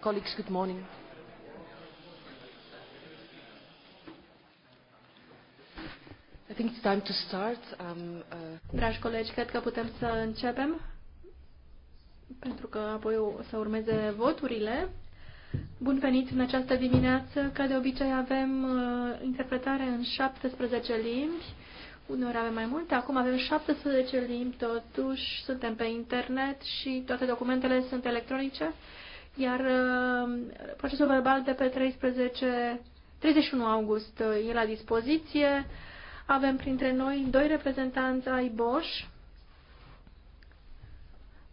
Colleagues, good morning. I think it's time to start. Um, uh... Dragi colegi, cred că putem să începem, pentru că apoi o să urmeze voturile. Bun venit în această dimineață. Ca de obicei avem uh, interpretare în 17 limbi. Uneori avem mai multe, acum avem 17 limbi, totuși suntem pe internet și toate documentele sunt electronice. Uh, iar uh, procesul verbal de pe 13, 31 august uh, e la dispoziție. Avem printre noi doi reprezentanți ai Bosch,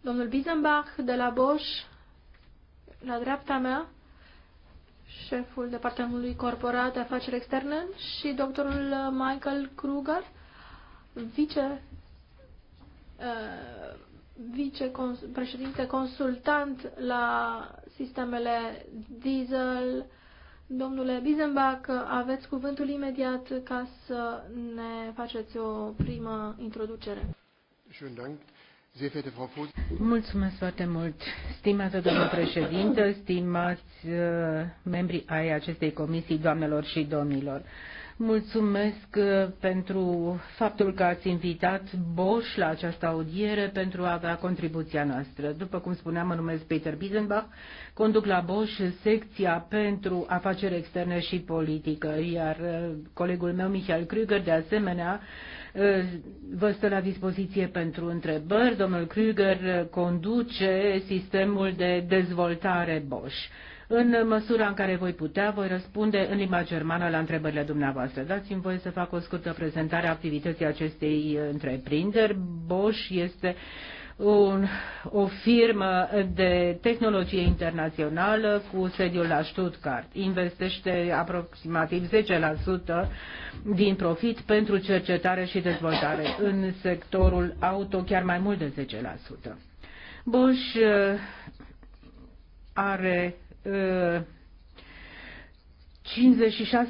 domnul Bizenbach de la Bosch, la dreapta mea, șeful Departamentului Corporat de Afaceri Externe și doctorul uh, Michael Kruger, vice vicepreședinte consultant la sistemele diesel. Domnule Bizenbach, aveți cuvântul imediat ca să ne faceți o primă introducere. Mulțumesc foarte mult, stimată doamnă președintă, stimați uh, membrii ai acestei comisii, doamnelor și domnilor. Mulțumesc uh, pentru faptul că ați invitat Bosch la această audiere pentru a avea contribuția noastră. După cum spuneam, mă numesc Peter Bizenbach, conduc la Bosch secția pentru afaceri externe și politică, iar uh, colegul meu, Michael Krüger, de asemenea, uh, vă stă la dispoziție pentru întrebări. Domnul Krüger conduce sistemul de dezvoltare Bosch. În măsura în care voi putea, voi răspunde în limba germană la întrebările dumneavoastră. Dați-mi voie să fac o scurtă prezentare a activității acestei uh, întreprinderi. Bosch este un, o firmă de tehnologie internațională cu sediul la Stuttgart. Investește aproximativ 10% din profit pentru cercetare și dezvoltare. În sectorul auto chiar mai mult de 10%. Bosch uh, are 56.000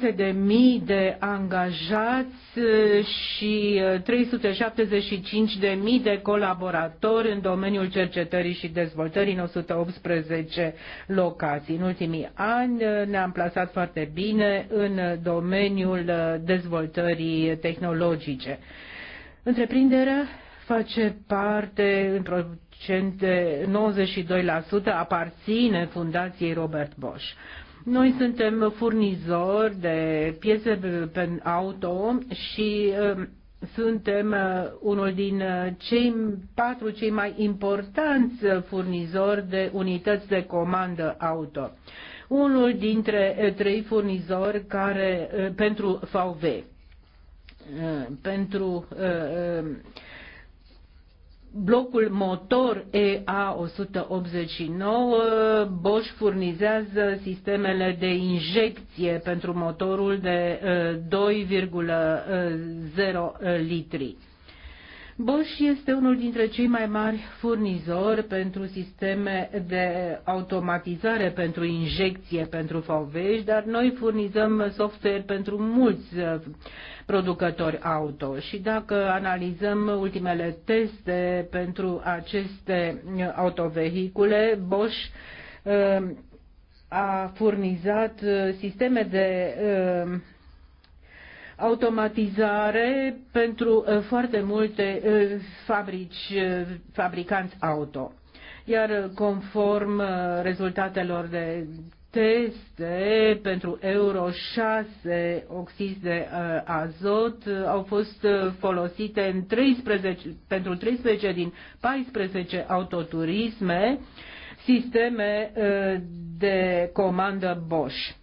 uh, de mii de angajați uh, și 375.000 uh, de mii de colaboratori în domeniul cercetării și dezvoltării în 118 locații. În ultimii ani ne-am plasat foarte bine în domeniul dezvoltării tehnologice. Întreprinderea face parte în accent 92% aparține Fundației Robert Bosch. Noi suntem furnizori de piese pe auto și um, suntem uh, unul din uh, cei patru cei mai importanți furnizori de unități de comandă auto. Unul dintre uh, trei furnizori care pentru VW pentru um, blocul motor EA189, Bosch furnizează sistemele de injecție pentru motorul de 2,0 uh, uh, uh, litri. Bosch este unul dintre cei mai mari furnizori pentru sisteme de automatizare pentru injecție pentru fauvești, dar noi furnizăm software pentru mulți uh, producători auto și dacă analizăm ultimele teste pentru aceste uh, autovehicule, Bosch uh, a furnizat sisteme de automatizare pentru uh, foarte multe uh, fabrici, uh, fabricanți auto. Iar conform rezultatelor de teste pentru Euro 6 oxizi de azot au fost folosite în 13, pentru 13 din 14 autoturisme sisteme de comandă Bosch.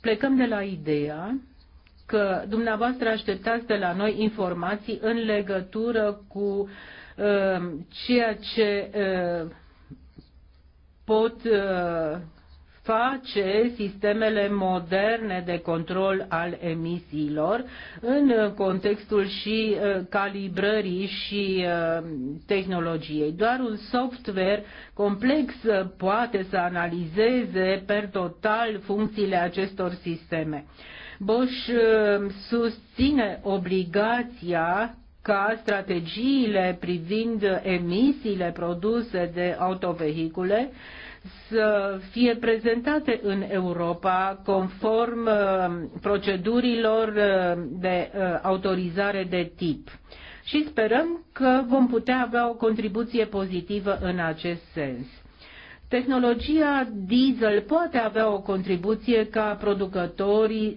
Plecăm de la ideea că dumneavoastră așteptați de la noi informații în legătură cu uh, ceea ce uh, pot uh, face sistemele moderne de control al emisiilor în contextul și uh, calibrării și uh, tehnologiei. Doar un software complex uh, poate să analizeze per total funcțiile acestor sisteme. Bosch susține obligația ca strategiile privind emisiile produse de autovehicule să fie prezentate în Europa conform uh, procedurilor uh, de uh, autorizare de tip. Și sperăm că vom putea avea o contribuție pozitivă în acest sens. Tehnologia diesel poate avea o contribuție ca producătorii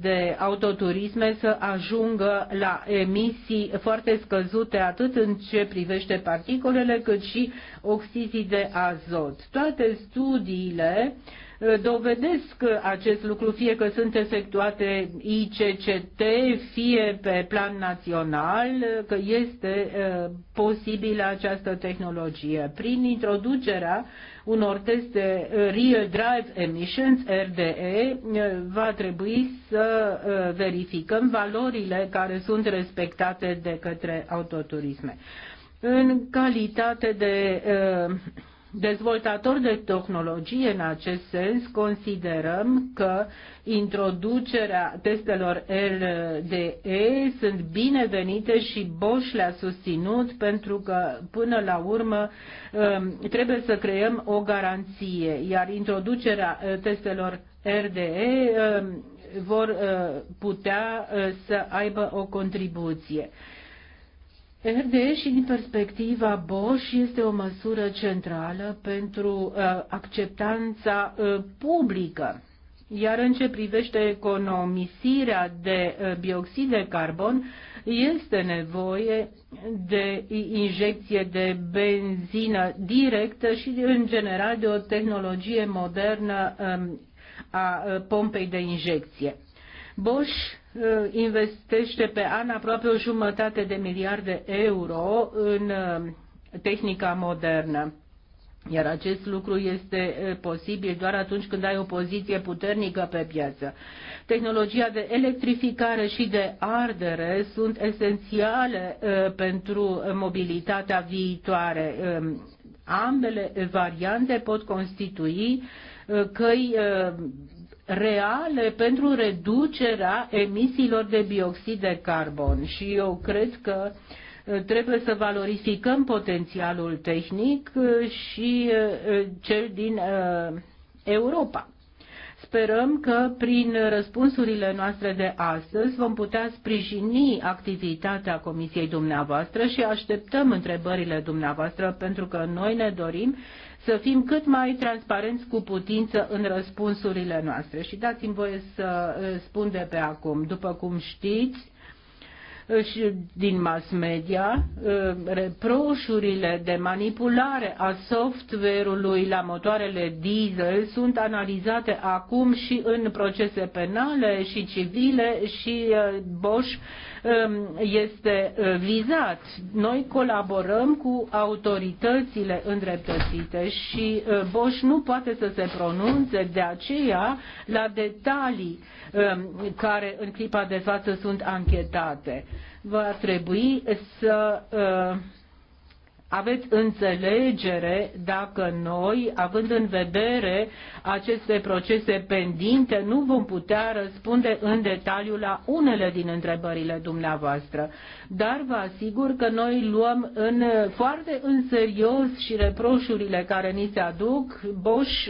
de autoturisme să ajungă la emisii foarte scăzute atât în ce privește particulele cât și oxizii de azot. Toate studiile uh, dovedesc acest lucru, fie că sunt efectuate ICCT, fie pe plan național, că este uh, posibilă această tehnologie. Prin introducerea unor teste uh, Real Drive Emissions, RDE, uh, va trebui să uh, verificăm valorile care sunt respectate de către autoturisme. În calitate de uh, dezvoltatori de tehnologie în acest sens, considerăm că introducerea testelor LDE sunt binevenite și Bosch le-a susținut pentru că până la urmă um, trebuie să creăm o garanție, iar introducerea uh, testelor RDE um, vor uh, putea uh, să aibă o contribuție. RDE și din perspectiva Bosch este o măsură centrală pentru uh, acceptanța uh, publică. Iar în ce privește economisirea de uh, bioxid de carbon, este nevoie de injecție de benzină directă și, în general, de o tehnologie modernă um, a uh, pompei de injecție. Bosch uh, investește pe an aproape o jumătate de miliarde euro în uh, tehnica modernă. Iar acest lucru este uh, posibil doar atunci când ai o poziție puternică pe piață. Tehnologia de electrificare și de ardere sunt esențiale pentru mobilitatea viitoare. Um, ambele variante pot constitui căi reale pentru reducerea emisiilor de bioxid de carbon. Și eu cred că uh, trebuie să valorificăm potențialul tehnic uh, și uh, cel din Europa. Sperăm că prin răspunsurile noastre de astăzi vom putea sprijini activitatea Comisiei dumneavoastră și așteptăm întrebările dumneavoastră pentru că noi ne dorim să fim cât mai transparenți cu putință în răspunsurile noastre. Și dați-mi voie să uh, spun de pe acum, după cum știți, uh, și din mass media uh, reproșurile de manipulare a software-ului la motoarele diesel sunt analizate acum și în procese penale și civile și Bosch Um, este uh, vizat. Noi colaborăm cu autoritățile îndreptățite și uh, Bosch nu poate să se pronunțe de aceea la detalii um, care în clipa de față sunt anchetate. Va trebui să uh, aveți înțelegere dacă noi, având în vedere aceste procese pendinte, nu vom putea răspunde în detaliu la unele din întrebările dumneavoastră. Dar vă asigur că noi luăm în, foarte în serios și reproșurile care ni se aduc. Boș,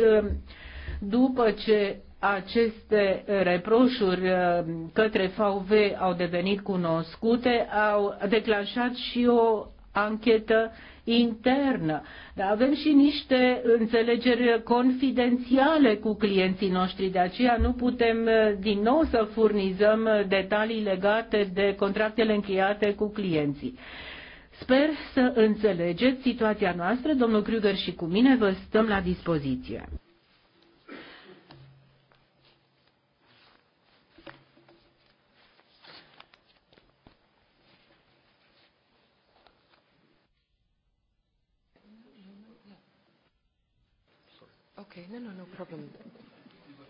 după ce aceste reproșuri uh, către VV au devenit cunoscute, au declanșat și o anchetă internă. Dar avem și niște înțelegeri confidențiale cu clienții noștri, de aceea nu putem eh, din nou să furnizăm eh, detalii legate de contractele încheiate cu clienții. Sper să înțelegeți situația noastră, domnul Kruger și cu mine vă stăm la dispoziție. Okay, no, no, no problem.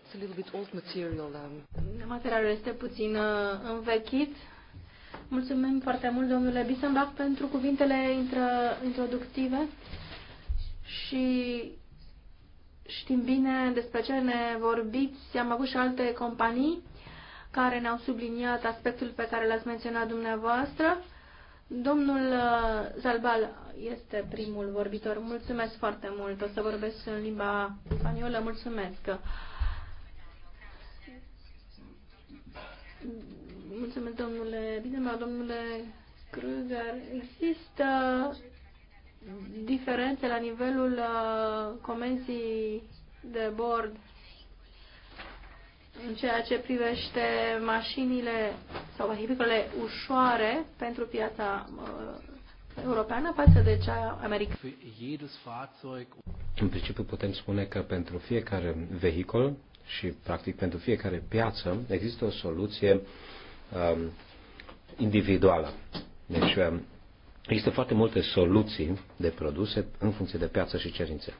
It's a little bit old material. Um. Materialul este puțin uh, învechit. Mulțumim foarte mult, domnule Bisenbach, pentru cuvintele introductive și știm bine despre ce ne vorbiți. Am avut și alte companii care ne-au subliniat aspectul pe care l-ați menționat dumneavoastră. Domnul uh, Zalbal este primul vorbitor. Mulțumesc foarte mult. O să vorbesc în limba spaniolă. Mulțumesc. Mulțumesc, domnule. Bine, mă, domnule Kruger. Există diferențe la nivelul uh, comenzii de bord în ceea ce privește mașinile sau vehiculele ușoare pentru piața uh, europeană față de cea americană. În principiu putem spune că pentru fiecare vehicul și practic pentru fiecare piață există o soluție um, individuală. Deci um, există foarte multe soluții de produse în funcție de piață și cerințe.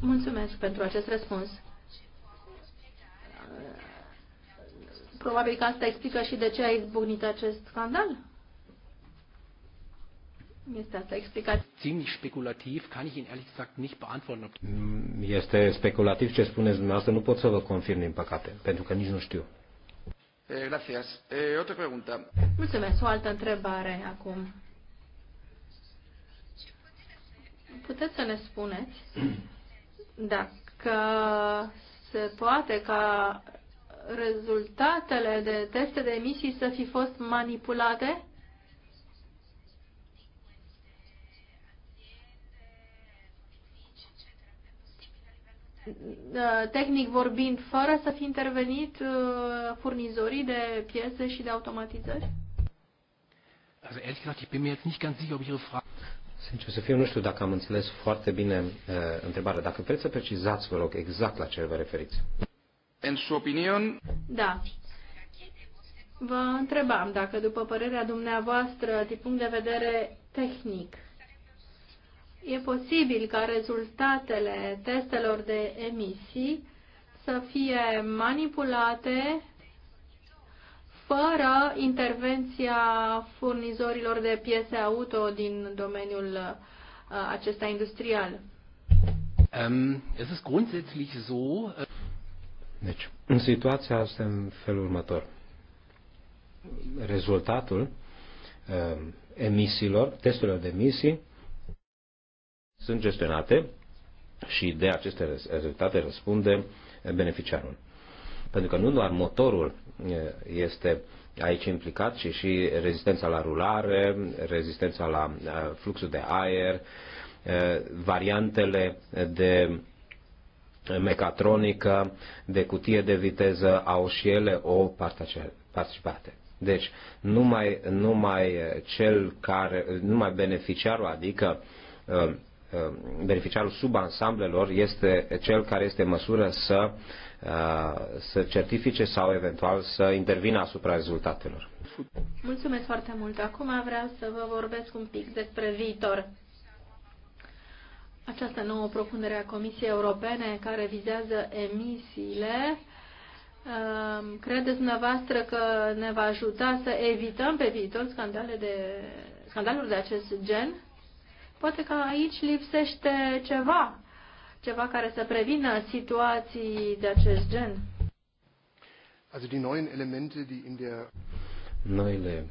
Mulțumesc pentru acest răspuns. Probabil că asta explică și de ce a izbucnit acest scandal. Este asta explicat. Ziemlich speculativ, kann ich Ihnen ehrlich gesagt nicht beantworten. Mm, este speculativ ce spuneți dumneavoastră, nu pot să vă confirm din păcate, pentru că nici nu știu. Eh, gracias. Eh, otra pregunta. Mulțumesc. O altă întrebare acum. Puteți să ne spuneți dacă se poate ca rezultatele de teste de emisii să fi fost manipulate? Da, tehnic vorbind, fără să fi intervenit uh, furnizorii de piese și de automatizări? Also ehrlich gesagt, ich bin mir jetzt nicht ganz sicher, ob Ihre Frage... Sincer să fiu, nu știu dacă am înțeles foarte bine uh, întrebarea. Dacă vreți să precizați, vă rog, exact la ce vă referiți. En su opinión... Da. Vă întrebam dacă, după părerea dumneavoastră, din punct de vedere tehnic, e posibil ca rezultatele testelor de emisii să fie manipulate fără intervenția furnizorilor de piese auto din domeniul uh, acesta industrial. Um, es ist grundsätzlich so, äh, deci, situația asta în felul următor. Rezultatul uh, emisiilor, testurilor de emisii, sunt gestionate și de aceste rezultate răspunde beneficiarul. Pentru că nu doar motorul uh, este aici implicat, ci și rezistența la rulare, rezistența la uh, fluxul de aer, variantele de mecatronică, de cutie de viteză, au și ele o participate. Deci, numai, numai cel care, numai beneficiarul, adică uh, uh, beneficiarul subansamblelor este cel care este în măsură să, uh, să certifice sau eventual să intervină asupra rezultatelor. Mulțumesc foarte mult. Acum vreau să vă vorbesc un pic despre viitor această nouă propunere a Comisiei Europene care vizează emisiile. Um, credeți dumneavoastră că ne va ajuta să evităm pe viitor scandale de, scandaluri de acest gen? Poate că aici lipsește ceva, ceva care să prevină situații de acest gen. Also die neuen Elemente, die in der noile,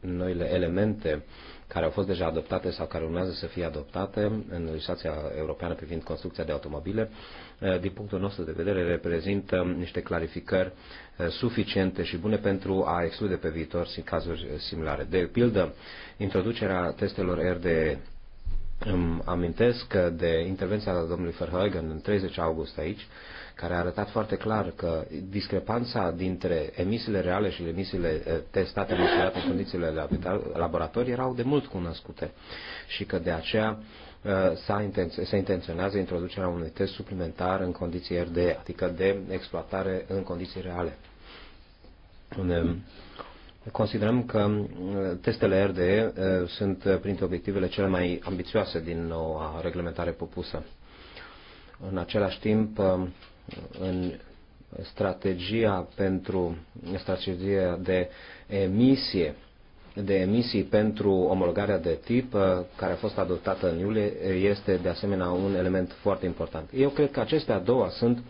noile elemente care au fost deja adoptate sau care urmează să fie adoptate în legislația europeană privind construcția de automobile, eh, din punctul nostru de vedere, reprezintă niște clarificări eh, suficiente și bune pentru a exclude pe viitor cazuri eh, similare. De pildă, introducerea testelor RDE îmi amintesc de intervenția domnului Verheugen în 30 august aici, care a arătat foarte clar că discrepanța dintre emisiile reale și emisiile eh, testate, măsurate în condițiile laboratorii, erau de mult cunoscute și că de aceea eh, se intenționează introducerea unui test suplimentar în condiții RD, adică de exploatare în condiții reale. Considerăm că eh, testele RDE sunt printre obiectivele cele mai ambițioase din noua reglementare propusă. În același timp, în strategia pentru strategia de emisie de emisii pentru omologarea de tip uh, care a fost adoptată în iulie este de asemenea un element foarte important. Eu cred că acestea două sunt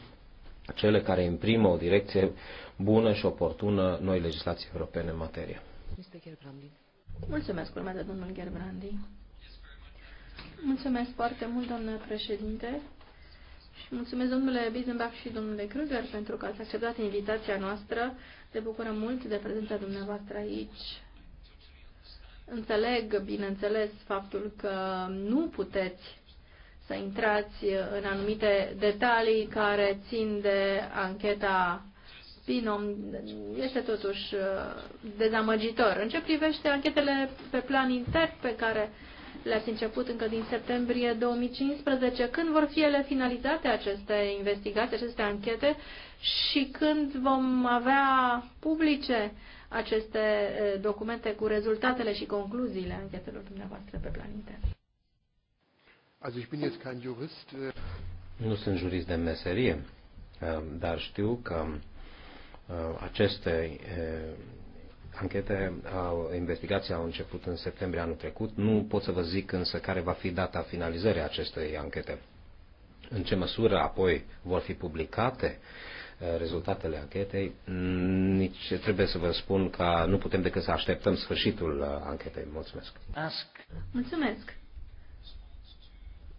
cele care imprimă o direcție bună și oportună noi legislații europene în materie. Mulțumesc, urmează domnul Gerbrandi. Mulțumesc foarte mult, domnule președinte. Și mulțumesc domnule Bizenbach și domnule Kruger pentru că ați acceptat invitația noastră. Ne bucurăm mult de prezența dumneavoastră aici. Înțeleg, bineînțeles, faptul că nu puteți să intrați în anumite detalii care țin de ancheta Pinom. Este totuși uh, dezamăgitor. În ce privește anchetele pe plan intern pe care le-ați început încă din septembrie 2015. Când vor fi ele finalizate aceste investigații, aceste anchete și când vom avea publice aceste documente cu rezultatele și concluziile anchetelor dumneavoastră pe plan intern? Äh, nu sunt jurist de meserie, ehm, dar știu că ehm, aceste anchete, investigația a început în septembrie anul trecut. Nu pot să vă zic însă care va fi data finalizării acestei anchete. În ce măsură apoi vor fi publicate uh, rezultatele anchetei, nici trebuie să vă spun că nu putem decât să așteptăm sfârșitul uh, anchetei. Mulțumesc. Ask. Mulțumesc.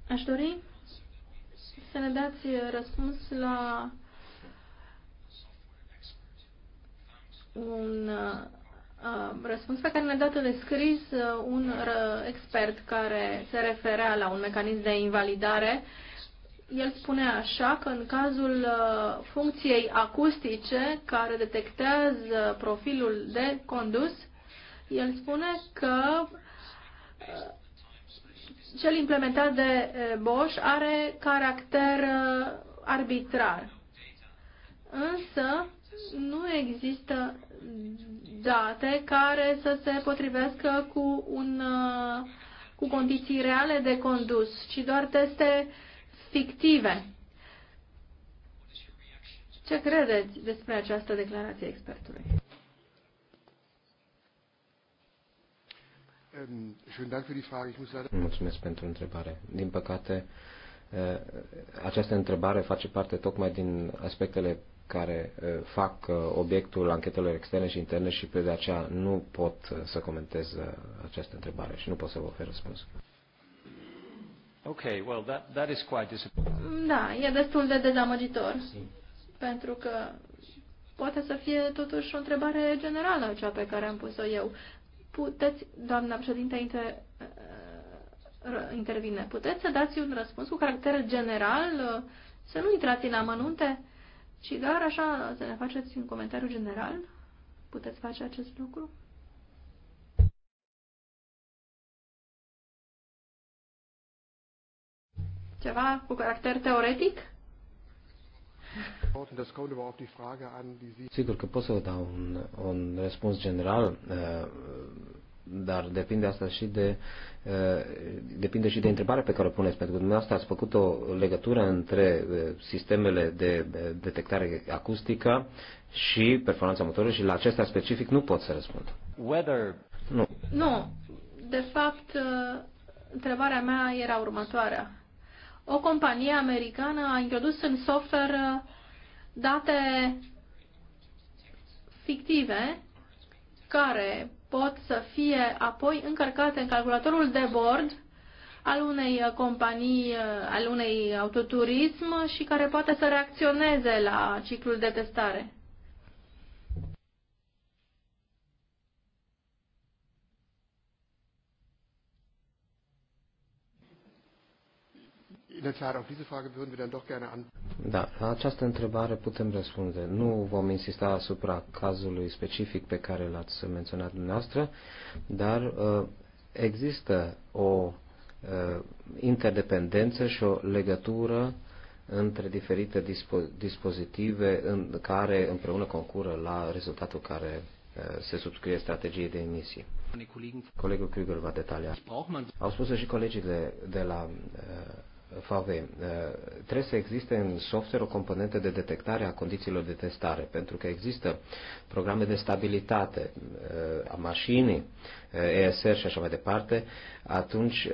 Aș dori să ne dați uh, răspuns la un Um, răspuns pe care ne-a dat în scris uh, un uh, expert care se referea la un mecanism de invalidare. El spune așa că în cazul uh, funcției acustice care detectează profilul de condus, el spune că cel implementat de Bosch are caracter arbitrar. Însă nu există date care să se potrivească cu, un, uh, cu condiții reale de condus, ci doar teste fictive. Ce credeți despre această declarație expertului? Mulțumesc pentru întrebare. Din păcate, eh, această întrebare face parte tocmai din aspectele care eh, fac eh, obiectul anchetelor externe și interne și pe de aceea nu pot eh, să comentez această întrebare și nu pot să vă ofer răspuns. Okay, well, that, that is quite Da, e destul de dezamăgitor. Pentru că poate să fie totuși o întrebare generală cea pe care am pus-o eu. Puteți, doamna președinte, inter, intervine. Puteți să dați un răspuns cu caracter general, să nu intrați în amănunte? Și doar așa să ne faceți un comentariu general. Puteți face acest lucru? Ceva cu caracter teoretic? Sigur că pot să vă dau un, un răspuns general. Uh, dar depinde asta și de eh, depinde și de întrebarea pe care o puneți, pentru că dumneavoastră ați făcut o legătură între eh, sistemele de detectare acustică și performanța motorului și la acestea specific nu pot să răspund. Whether... Nu. Nu. De fapt, eh, întrebarea mea era următoarea. O companie americană a introdus în software date fictive care pot să fie apoi încărcate în calculatorul de bord al unei uh, companii, uh, al unei autoturism și care poate să reacționeze la ciclul de testare. in der Tat, auf diese Frage würden wir dann doch gerne an. Da, la această întrebare putem răspunde. Nu vom insista asupra cazului specific pe care l-ați menționat dumneavoastră, dar uh, există o uh, interdependență și o legătură între diferite dispo- dispozitive în care împreună concură la rezultatul care uh, se subscrie strategiei de emisii. Colegul Krüger va detalia. Au spus și colegii de, de la uh, Fave, eh, Trebuie să existe în software o componentă de detectare a condițiilor de testare, pentru că există programe de stabilitate eh, a mașinii, ESR eh, și așa mai departe, atunci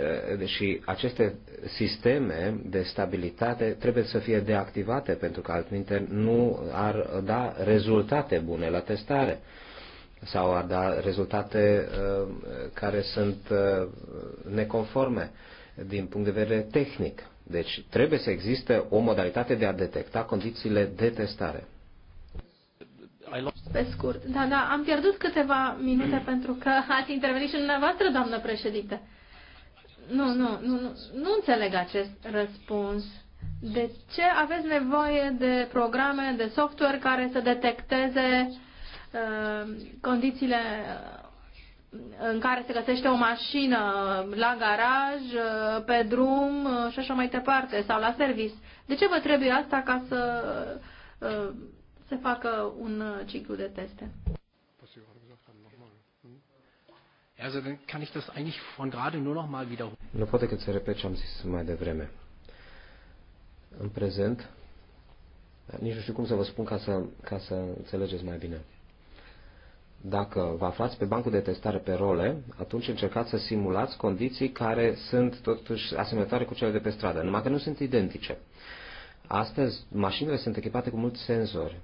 și aceste sisteme de stabilitate trebuie să fie deactivate, pentru că altminte nu ar da rezultate bune la testare sau ar da rezultate care sunt neconforme din punct de vedere tehnic. Deci trebuie să existe o modalitate de a detecta condițiile de testare. Pe scurt, da, da, am pierdut câteva minute pentru că ați intervenit și dumneavoastră, doamnă președinte. Nu, nu, nu, nu, nu înțeleg acest răspuns. De ce aveți nevoie de programe, de software care să detecteze uh, condițiile în care se găsește o mașină la garaj, uh, pe drum uh, și așa mai departe, sau la servis. De ce vă trebuie asta ca să uh, se facă un ciclu de teste? Also dann kann ich das eigentlich von gerade nur noch mal wiederholen. Nu poate că repet ce am zis mai devreme. În prezent, nici nu știu cum să vă spun ca să, ca să înțelegeți mai bine dacă vă aflați pe bancul de testare pe role, atunci încercați să simulați condiții care sunt totuși asemănătoare cu cele de pe stradă, numai că nu sunt identice. Astăzi, mașinile sunt echipate cu mulți senzori.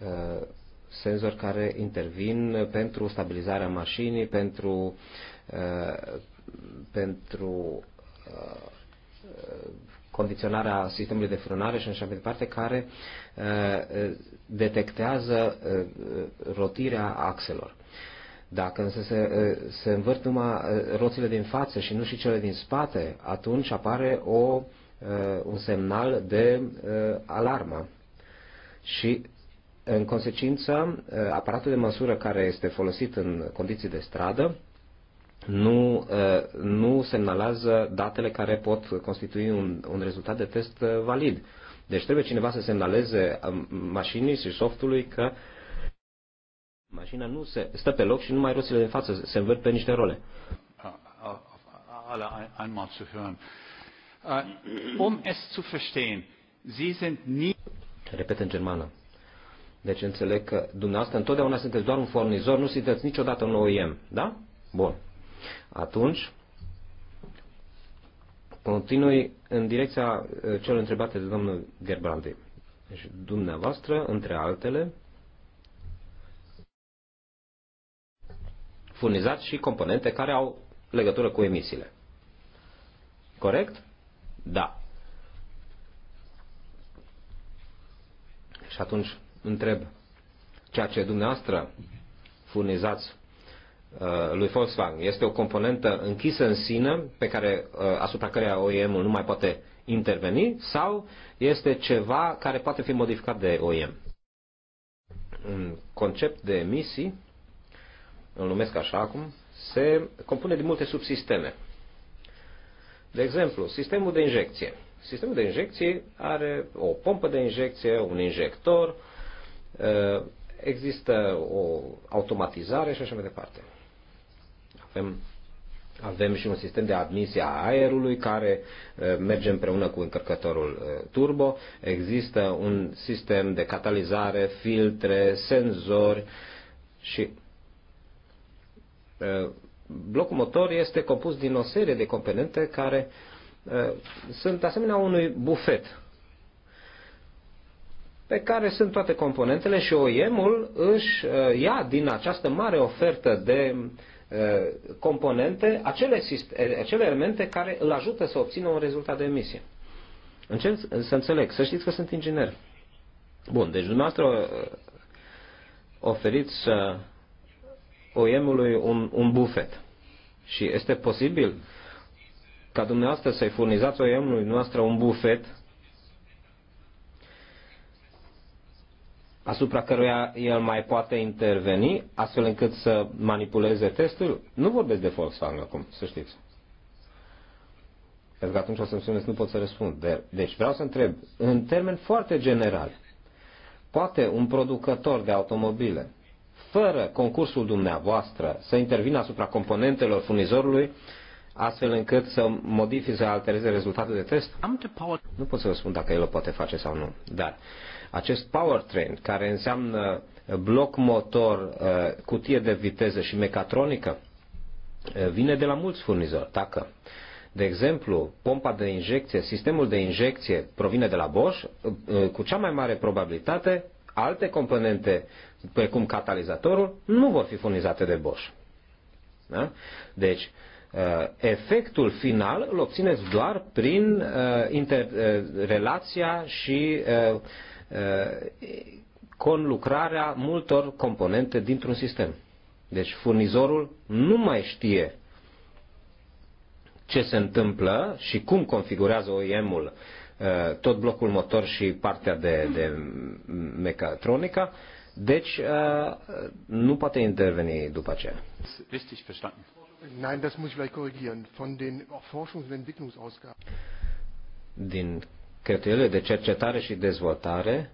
Uh, senzori care intervin pentru stabilizarea mașinii, pentru, uh, pentru uh, condiționarea sistemului de frânare și așa mai departe, care uh, uh, detectează uh, rotirea axelor. Dacă însă se, se învârt numai roțile din față și nu și cele din spate, atunci apare o, un semnal de alarmă. Și în consecință, aparatul de măsură care este folosit în condiții de stradă nu, nu semnalează datele care pot constitui un, un rezultat de test valid. Deci trebuie cineva să semnaleze mașinii și softului că mașina nu se stă pe loc și numai roțile de față se învârt pe niște role. Alle einmal zu hören. Um es zu verstehen, Sie sind nie... Repet în germană. Deci înțeleg că dumneavoastră întotdeauna sunteți doar un furnizor, nu sunteți niciodată un OEM, da? Bun. Atunci, continui în direcția uh, celor întrebate de domnul Gerbrandi. Deci, dumneavoastră, între altele, furnizați și componente care au legătură cu emisiile. Corect? Da. Și atunci întreb, ceea ce dumneavoastră furnizați Uh, lui Volkswagen. Este o componentă închisă în sine, pe care, uh, asupra căreia OEM-ul nu mai poate interveni, sau este ceva care poate fi modificat de OEM. Un concept de emisii, îl numesc așa acum, se compune din multe subsisteme. De exemplu, sistemul de injecție. Sistemul de injecție are o pompă de injecție, un injector, uh, există o automatizare și așa mai departe. Avem și un sistem de admisie a aerului care eh, merge împreună cu încărcătorul eh, turbo. Există un sistem de catalizare, filtre, senzori și eh, blocul motor este compus din o serie de componente care sunt asemenea unui bufet pe care sunt toate componentele și OEM-ul își ia din această mare ofertă de uh, Eh, componente, acele, eh, acele elemente care îl ajută să obțină un rezultat de emisie. Încerc să înțeleg, să știți că sunt inginer. Bun, deci dumneavoastră eh, oferiți OEM-ului un, un bufet și este posibil ca dumneavoastră să-i furnizați OEM-ului noastră un bufet asupra căruia el mai poate interveni, astfel încât să manipuleze testul. Nu vorbesc de Volkswagen acum, să știți. Pentru că atunci o să-mi spuneți, nu pot să răspund. Deci vreau să întreb, în termen foarte general, poate un producător de automobile, fără concursul dumneavoastră, să intervină asupra componentelor furnizorului, astfel încât să modifice, să altereze rezultatul de test? Nu pot să răspund dacă el o poate face sau nu. Dar acest powertrain, care înseamnă bloc motor, uh, cutie de viteză și mecatronică, uh, vine de la mulți furnizori. Dacă, de exemplu, pompa de injecție, sistemul de injecție provine de la Bosch, uh, cu cea mai mare probabilitate, alte componente, precum catalizatorul, nu vor fi furnizate de Bosch. Da? Deci, efectul final îl obțineți doar prin interrelația și Uh, conlucrarea multor componente dintr-un sistem. Deci furnizorul nu mai știe ce se întâmplă și cum configurează OEM-ul uh, tot blocul motor și partea de, de mecatronica, deci uh, nu poate interveni după aceea. Richtig verstanden. Nein, das muss ich vielleicht korrigieren. Von den Forschungs- und Entwicklungsausgaben. Din cheltuielile de cercetare și dezvoltare,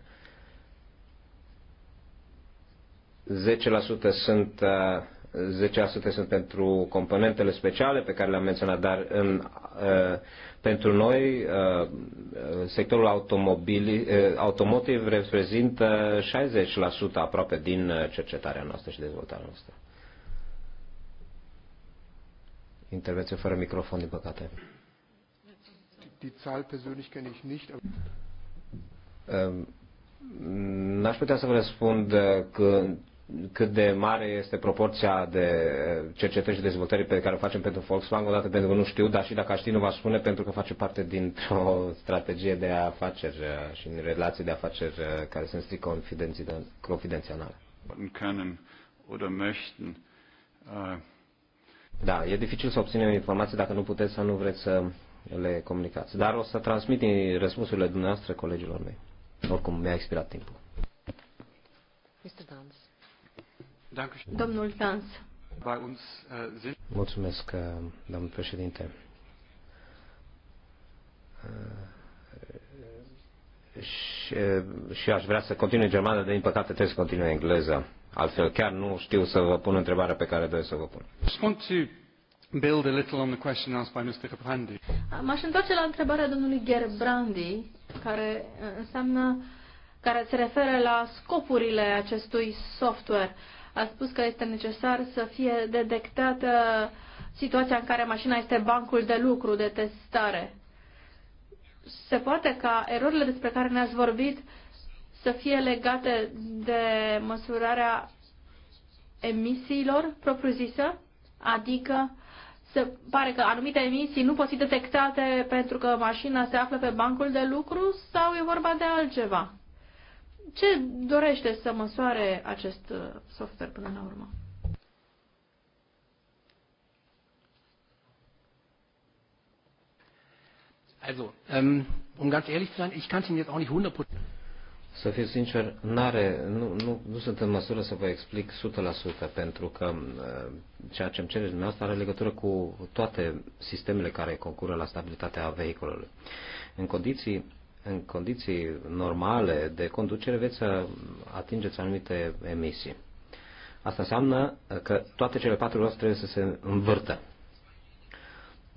10% sunt, 10% uh, sunt pentru componentele speciale pe care le-am menționat, dar în, uh, pentru noi uh, sectorul automobil, automotiv reprezintă 60% aproape din cercetarea noastră și dezvoltarea noastră. Intervenție fără microfon, din păcate. Die Zahl persönlich kenne ich nicht. Ehm, n-aș putea să vă răspund eh, că cât de mare este proporția de eh, cercetări și dezvoltări pe care o facem pentru Volkswagen, odată pentru că nu știu, dar și dacă aș ști nu vă spune pentru că face parte dintr-o strategie de afaceri eh, și în relații de afaceri care sunt strict confidențiale. Da, e dificil să obținem informații dacă nu puteți sau nu vreți să le comunicați. Dar o să transmit răspunsurile dumneavoastră colegilor mei. Oricum, mi-a expirat timpul. Mr. Dans. Domnul Dans. Äh, Mulțumesc, uh, domnul președinte. Uh, și, uh, și aș vrea să continui germană, dar din păcate trebuie să continui engleză. Altfel, chiar nu știu să vă pun întrebarea pe care doresc să vă pun. Spun build a little on the question asked by Mr. Gerbrandi. M-aș întoarce la întrebarea domnului Gerbrandi, care uh, înseamnă care se referă la scopurile acestui software. A spus că este necesar să fie detectată situația în care mașina este bancul de lucru, de testare. Se poate ca erorile despre care ne-ați vorbit să fie legate de măsurarea emisiilor propriu-zisă, adică se pare că anumite emisii nu pot fi detectate pentru că mașina se află pe bancul de lucru sau e vorba de altceva? Ce dorește să măsoare acest uh, software până la urmă? Also, ähm, um ganz ehrlich zu sein, ich kann es Ihnen jetzt auch nicht 100% să fiu sincer, n-are, nu, nu, nu sunt în măsură să vă explic 100%, pentru că uh, ceea ce îmi cereți dumneavoastră are legătură cu toate sistemele care concură la stabilitatea vehiculului. În condiții, în condiții normale de conducere veți să atingeți anumite emisii. Asta înseamnă uh, că toate cele patru roți trebuie să se învârtă.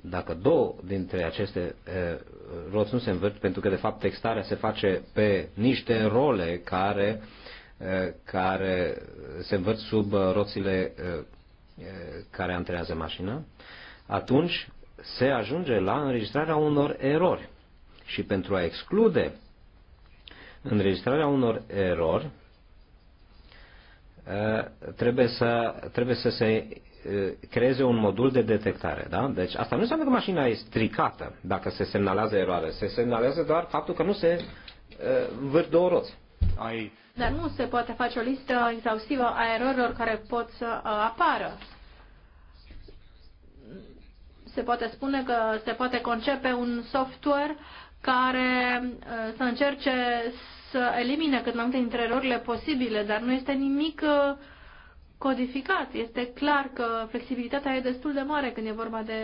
Dacă două dintre aceste roți nu se învârt, pentru că de fapt textarea se face pe niște role care, care se învârt sub roțile care antrenează mașina, atunci se ajunge la înregistrarea unor erori. Și pentru a exclude înregistrarea unor erori, trebuie să, trebuie să se Eh, creeze un modul de detectare. Da? Deci asta nu înseamnă că mașina e stricată dacă se semnalează eroare. Se semnalează doar faptul că nu se eh, vârt două roți. Ai... Dar nu se poate face o listă exhaustivă a erorilor care pot să eh, apară. Se poate spune că se poate concepe un software care să încerce să elimine cât mai multe dintre erorile posibile, dar nu este nimic uh, codificat. Este clar că flexibilitatea e destul de mare când e vorba de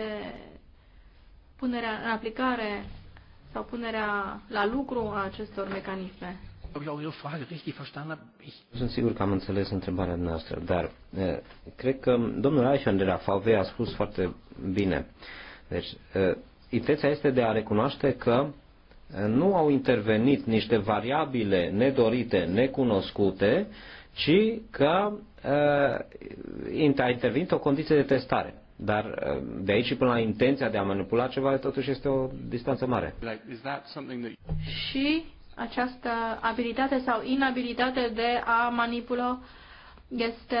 punerea în aplicare sau punerea la lucru a acestor mecanisme. Sunt sigur că am înțeles întrebarea noastră, dar cred că domnul Aishan de la FAV a spus foarte bine. Deci, intenția este de a recunoaște că nu au intervenit niște variabile nedorite, necunoscute, ci că eh, a intervenit o condiție de testare. Dar eh, de aici până la intenția de a manipula ceva, totuși este o distanță mare. Și această abilitate sau inabilitate de a manipula este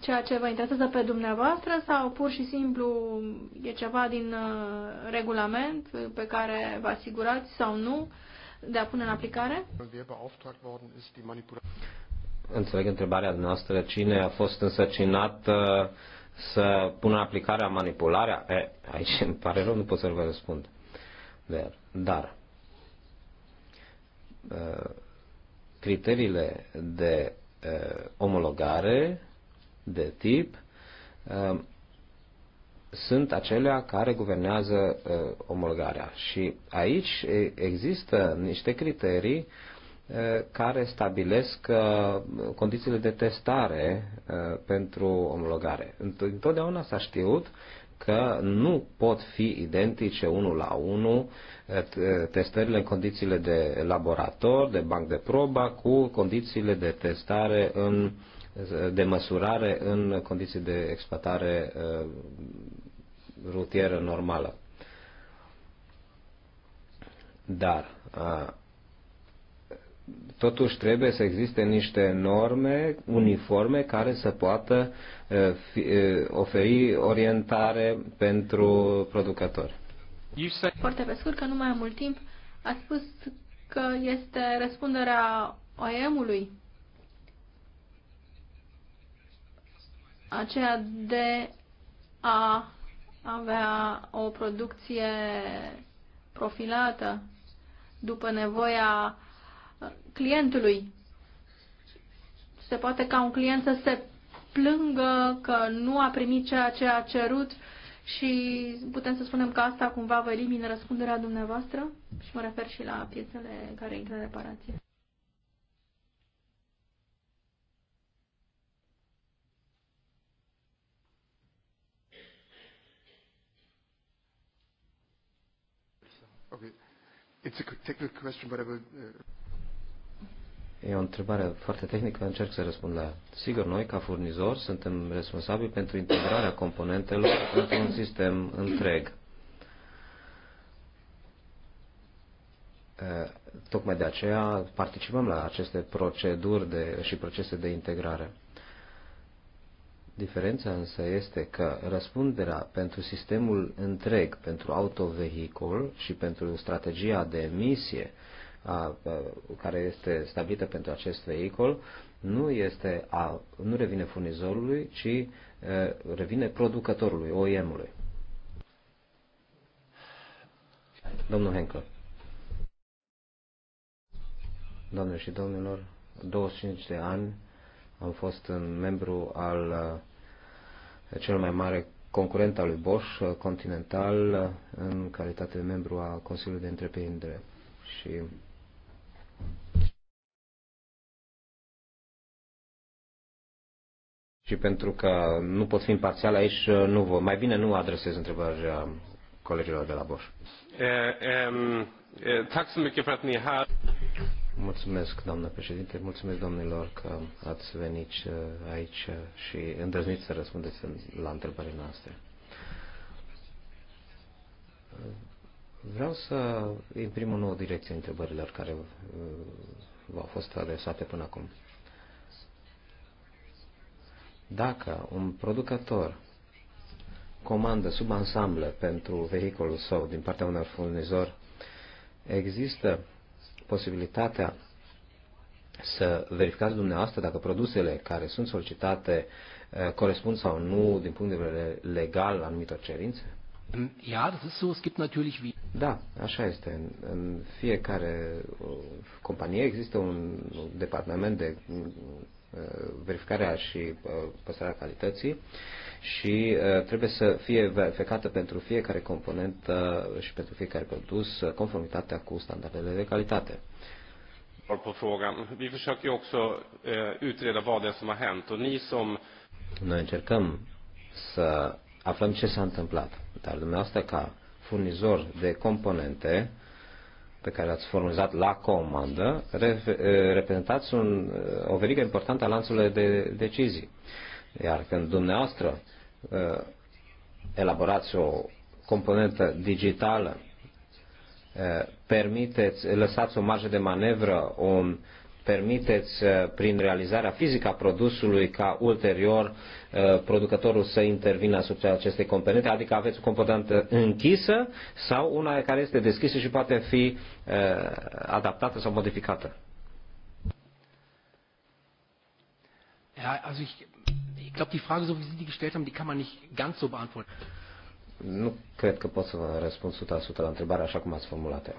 ceea ce vă interesează pe dumneavoastră sau pur și simplu e ceva din eh, regulament pe care vă asigurați sau nu de a pune în aplicare? Înțeleg întrebarea noastră. Cine a fost însărcinat uh, să pună în aplicare manipularea? E, aici îmi pare rău, nu pot să vă răspund. Dar, dar uh, criteriile de uh, omologare de tip sunt acelea care guvernează uh, omologarea. Și aici există niște criterii uh, care stabilesc uh, condițiile de testare uh, pentru omologare. Întotdeauna s-a știut că nu pot fi identice unul la unul testările în condițiile de laborator, de banc de probă cu condițiile de testare în, de măsurare în condiții de exploatare rutieră normală. Dar a, totuși trebuie să existe niște norme uniforme care să poată fi, oferi orientare pentru producători. Foarte pe scurt, că nu mai am mult timp, a spus că este răspunderea OEM-ului aceea de a avea o producție profilată după nevoia uh, clientului. Se poate ca un client să se plângă că nu a primit ceea ce a cerut și putem să spunem că asta cumva vă elimină răspunderea dumneavoastră și mă refer și la piețele care intră în reparație. Okay. It's a technical question, but I will, uh... E o întrebare foarte tehnică, încerc să răspund la ea. Sigur, noi, ca furnizor, suntem responsabili pentru integrarea componentelor într-un sistem întreg. Uh, tocmai de aceea participăm la aceste proceduri de, și procese de integrare. Diferența însă este că răspunderea pentru sistemul întreg, pentru autovehicul și pentru strategia de emisie a, a, care este stabilită pentru acest vehicul, nu, este a, nu revine furnizorului, ci a, revine producătorului, OEM-ului. Domnul Henkel. Doamne și domnilor, 25 de ani am fost un membru al uh, cel mai mare concurent al lui Bosch, uh, Continental, uh, în calitate de membru a Consiliului de Întreprindere. Și și pentru că nu pot fi imparțial aici, nu vă, mai bine nu adresez întrebări colegilor de la Bosch. Eh, eh, Mulțumesc, doamnă președinte, mulțumesc domnilor că ați venit uh, aici și îndrăzniți să răspundeți la întrebările noastre. Vreau să imprim o nouă direcție întrebărilor care uh, v-au fost adresate până acum. Dacă un producător comandă sub ansamblă pentru vehiculul său din partea unor furnizor, există posibilitatea să verificați dumneavoastră dacă produsele care sunt solicitate eh, corespund sau nu din punct de vedere legal anumitor cerințe? Hm, ja, das ist so. Es gibt natürlich wie da, așa este. În, fiecare companie există un departament de eh, verificare și eh, păstrarea calității și uh, trebuie să fie verificată pentru fiecare componentă și pentru fiecare produs uh, conformitatea cu standardele de calitate. På frågan. Vi försöker också eh, utreda vad det är som har hänt och ni som... Noi încercăm să aflăm ce s-a întâmplat, dar dumneavoastră ca furnizor de componente pe care ați furnizat la comandă, eh, reprezentați un, eh, o verigă importantă a lanțului de decizii iar când dumneavoastră uh, elaborați o componentă digitală, uh, permiteți, lăsați o marjă de manevră, o, permiteți uh, prin realizarea fizică a produsului ca ulterior producătorul să intervină asupra acestei componente, adică aveți o componentă închisă sau una care este deschisă și poate fi adaptată sau modificată. Ja, also ich glaube, die Frage, so wie Sie die gestellt haben, die kann man nicht ganz so beantworten. Nu cred că pot să vă răspund 100% la întrebare așa cum ați formulat -o.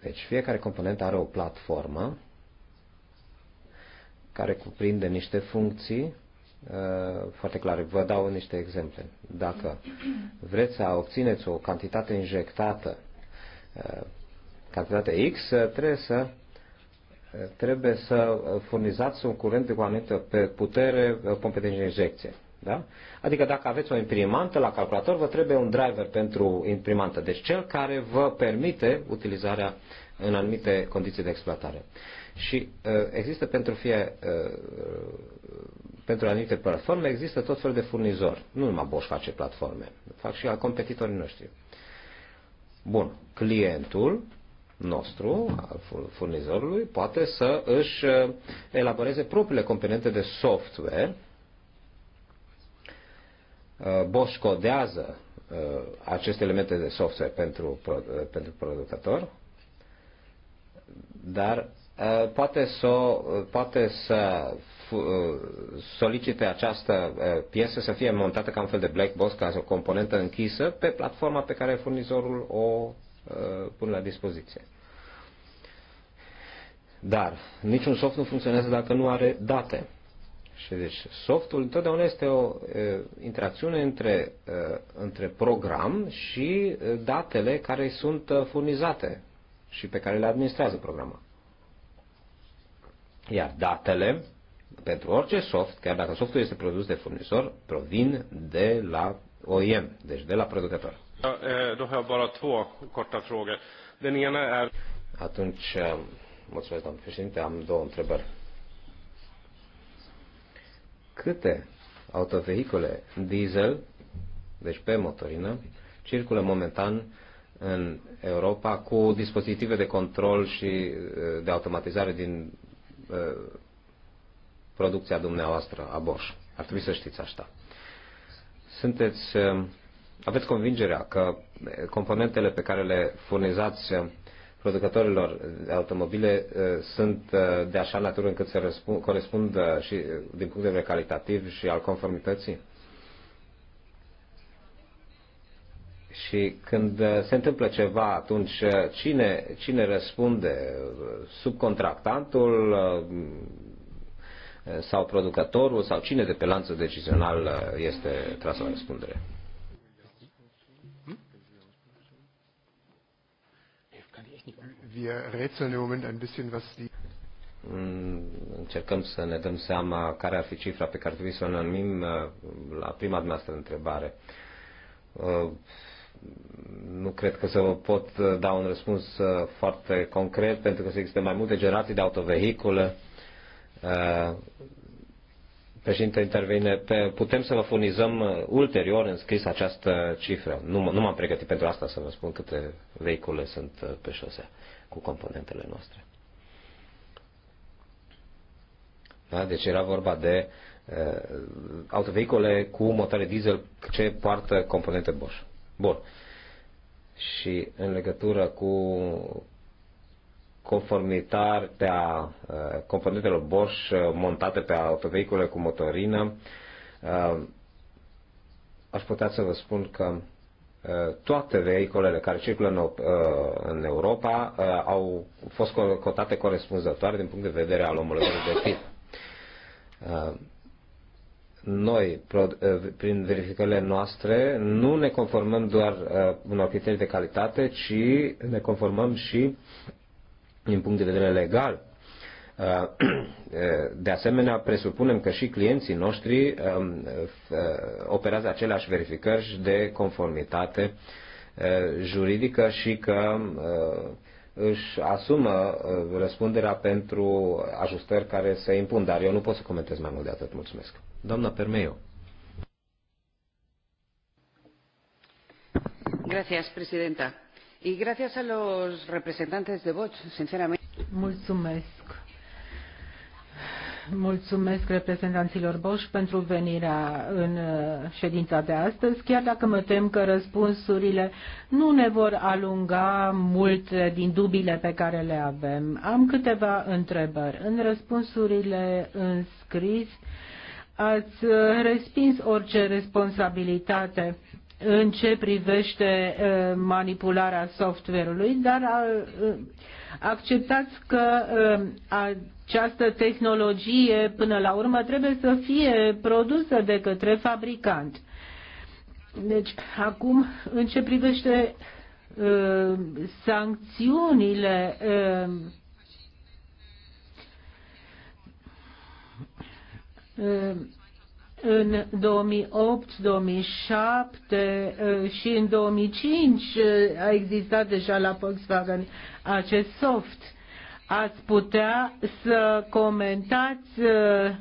Deci fiecare component are o platformă care cuprinde niște funcții uh, foarte clare. Vă dau niște exemple. Dacă vreți să obțineți o cantitate injectată, uh, cantitate X, trebuie să trebuie să furnizați un curent cu anumită pe putere pompe de injecție. Da? Adică dacă aveți o imprimantă la calculator, vă trebuie un driver pentru imprimantă, deci cel care vă permite utilizarea în anumite condiții de exploatare. Și uh, există pentru fie uh, pentru anumite platforme există tot fel de furnizori. Nu numai Bosch face platforme, fac și al competitorii noștri. Bun, clientul nostru, al furnizorului, poate să își uh, elaboreze propriile componente de software, uh, boscodează uh, aceste elemente de software pentru, pentru producător, dar poate să, poate să solicite această piesă să fie montată ca un fel de black box, ca o componentă închisă, pe platforma pe care furnizorul o Uh, pun la dispoziție. Dar niciun soft nu funcționează dacă nu are date. Și deci softul întotdeauna este o e, uh, interacțiune între, e, uh, între program și datele care sunt furnizate și pe care le administrează programul. Iar datele, pentru orice soft, chiar dacă softul este produs de furnizor, provin de la OEM, deci de la producător. Eh, då har jag bara två korta frågor. Den ena är... Atunci, eh, mulțumesc, doamnă președinte, am două întrebări. Câte autovehicule diesel, deci pe motorină, circulă momentan în Europa cu dispozitive de control și eh, de automatizare din producția dumneavoastră a Bosch. Ar trebui să știți asta. Sunteți aveți convingerea că eh, componentele pe care le furnizați eh, producătorilor de automobile eh, sunt de așa natură încât să răspund, corespund și din punct de vedere calitativ și al conformității? Și când se întâmplă ceva, atunci cine, cine răspunde? Subcontractantul sau producătorul sau cine de pe lanțul decizional este tras la răspundere? Wir rätseln im Moment ein bisschen, was die mm, încercăm să ne dăm seama care ar fi cifra pe care trebuie să o numim uh, la prima dumneavoastră întrebare. Uh, nu cred că să vă pot uh, da un răspuns foarte concret, pentru că există mai multe generații de autovehicule. Președinte intervine, pe, putem să vă furnizăm ulterior în scris această cifră. Nu, nu m-am pregătit pentru asta să vă spun câte vehicule sunt pe șosea cu componentele noastre. Da? Deci era vorba de uh, autovehicole cu motoare diesel ce poartă componente Bosch. Bun. Și în legătură cu conformitatea uh, componentelor Bosch uh, montate pe autovehicule cu motorină, uh, aș putea să vă spun că Eh, toate vehiculele care circulă în, eh, în Europa eh, au fost cotate corespunzătoare din punct de vedere al omologării de tip. Noi, prin verificările noastre, nu ne conformăm doar unor criterii de calitate, ci ne conformăm și din punct de vedere legal Uh, uh, de asemenea, presupunem că și clienții noștri um, uh, operează aceleași verificări de conformitate juridică și că își asumă răspunderea pentru ajustări care se impun, dar eu nu pot să comentez mai mult de atât. Mulțumesc. Doamna Permeiu. Gracias, presidenta. Y gracias a los representantes de Vox, sinceramente. Mulțumesc mulțumesc reprezentanților Bosch pentru venirea în uh, ședința de astăzi, chiar dacă mă tem că răspunsurile nu ne vor alunga mult din dubile pe care le avem. Am câteva întrebări. În răspunsurile înscris ați uh, respins orice responsabilitate în ce privește uh, manipularea software-ului, dar acceptați că această tehnologie până la urmă trebuie să fie produsă de către fabricant. Deci, acum, în ce privește uh, sancțiunile uh, uh, în 2008-2007 uh, și în 2005 uh, a existat deja la Volkswagen acest soft ați putea să comentați uh,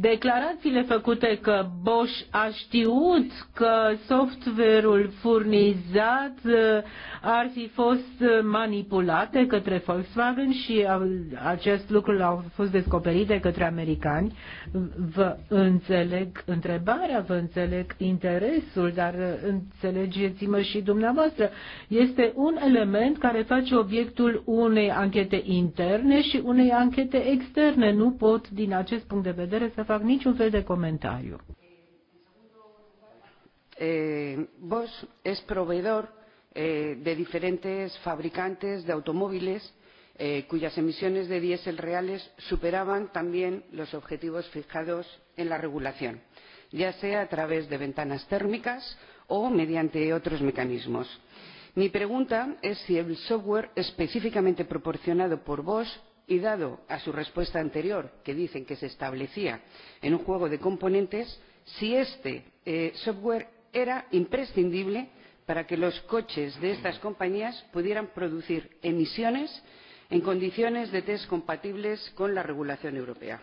declarațiile făcute că Bosch a știut că software-ul furnizat uh, ar fi fost uh, manipulate către Volkswagen și acest lucru au fost descoperite către americani. Vă înțeleg întrebarea, vă înțeleg interesul, dar uh, înțelegeți-mă și dumneavoastră. Este un element care face obiectul unei anchete interne și unei anchete externe. Nu pot din din acest punct de vedere să fac niciun fel de comentariu. Eh, vos es proveedor eh, de diferentes fabricantes de automóviles eh, cuyas emisiones de diésel reales superaban también los objetivos fijados en la regulación, ya sea a través de ventanas térmicas o mediante otros mecanismos. Mi pregunta es si el software específicamente proporcionado por Bosch y dado a su respuesta anterior que dicen que se establecía en un juego de componentes si este eh, software era imprescindible para que los coches de estas compañías pudieran producir emisiones en condiciones de test compatibles con la regulación europea.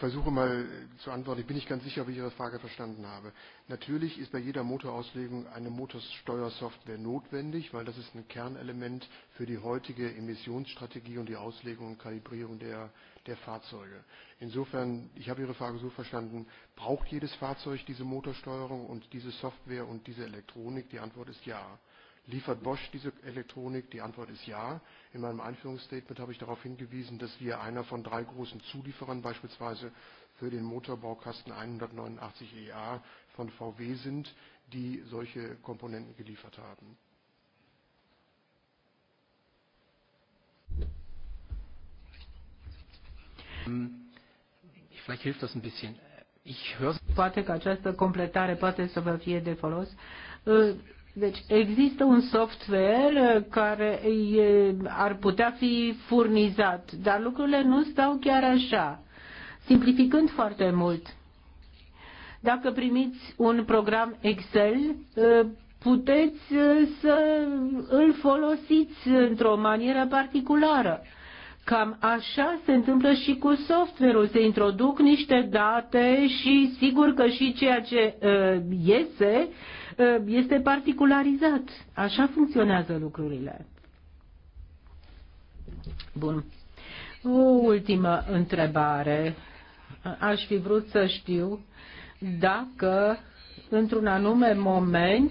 versuche mal zu antworten. Ich bin nicht ganz sicher, ob ich Ihre Frage verstanden habe. Natürlich ist bei jeder Motorauslegung eine Motorsteuersoftware notwendig, weil das ist ein Kernelement für die heutige Emissionsstrategie und die Auslegung und Kalibrierung der, der Fahrzeuge. Insofern, ich habe Ihre Frage so verstanden, braucht jedes Fahrzeug diese Motorsteuerung und diese Software und diese Elektronik? Die Antwort ist ja. Liefert Bosch diese Elektronik? Die Antwort ist ja. In meinem Einführungsstatement habe ich darauf hingewiesen, dass wir einer von drei großen Zulieferern beispielsweise für den Motorbaukasten 189 EA von VW sind, die solche Komponenten geliefert haben. Ähm, vielleicht hilft das ein bisschen. Ich höre... Poate că această completare poate să vă fie de folos. Deci există un software uh, care ar putea fi furnizat, dar lucrurile nu stau chiar așa, simplificând foarte mult. Dacă primiți un program Excel, uh, puteți uh, să îl folosiți într-o manieră particulară. Cam așa se întâmplă și cu software-ul. Se introduc niște date și sigur că și ceea ce uh, iese uh, este particularizat. Așa funcționează lucrurile. Bun. O ultimă întrebare. Aș fi vrut să știu dacă într-un anume moment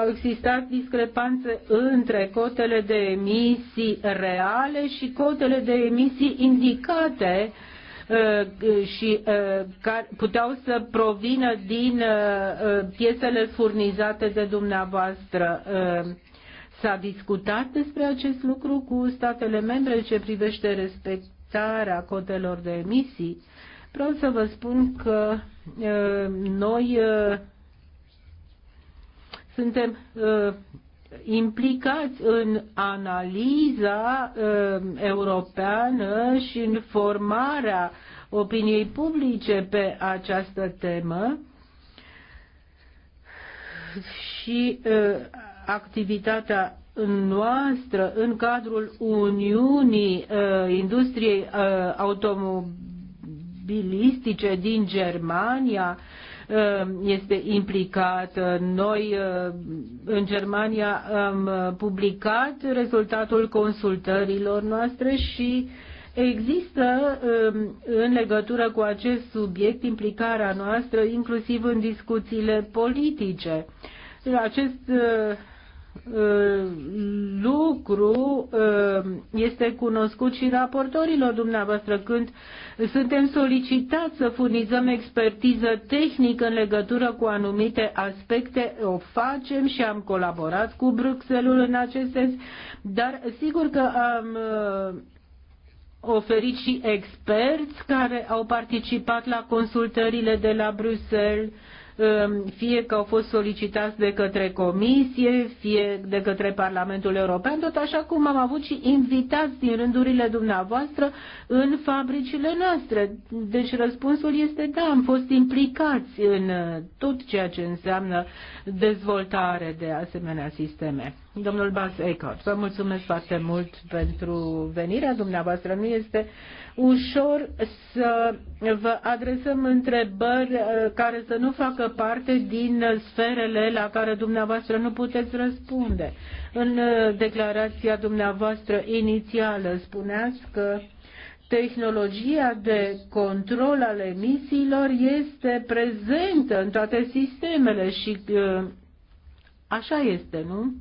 au existat discrepanțe între cotele de emisii reale și cotele de emisii indicate uh, Uh, și uh, care puteau să provină din uh, piesele furnizate de dumneavoastră. S-a discutat despre acest lucru cu statele membre ce privește respectarea cotelor de emisii. Vreau să vă spun că noi suntem implicați în analiza um, europeană și în formarea opiniei publice pe această temă și uh, activitatea noastră în cadrul Uniunii uh, Industriei uh, Automobilistice din Germania Uh, este implicat. Noi uh, în Germania am uh, publicat rezultatul consultărilor noastre și Există um, în legătură cu acest subiect implicarea noastră inclusiv în discuțiile politice. Acest Uh, lucru uh, este cunoscut și raportorilor dumneavoastră când suntem solicitați să furnizăm expertiză tehnică în legătură cu anumite aspecte, o facem și am colaborat cu Bruxelles în acest sens, dar sigur că am uh, oferit și experți care au participat la consultările de la Bruxelles, Ehm, fie că au fost solicitați de către Comisie, fie de către Parlamentul European, tot așa cum am avut și invitați din rândurile dumneavoastră în fabricile noastre. Deci răspunsul este da, am fost implicați în eh, tot ceea ce înseamnă dezvoltare de asemenea sisteme. Domnul Bas Eckhart, vă mulțumesc foarte mult pentru venirea dumneavoastră. Nu este ușor să vă adresăm întrebări uh, care să nu facă parte din sferele la care dumneavoastră nu puteți răspunde. În uh, declarația dumneavoastră inițială spuneați că tehnologia de control al emisiilor este prezentă în toate sistemele și uh, așa este, nu?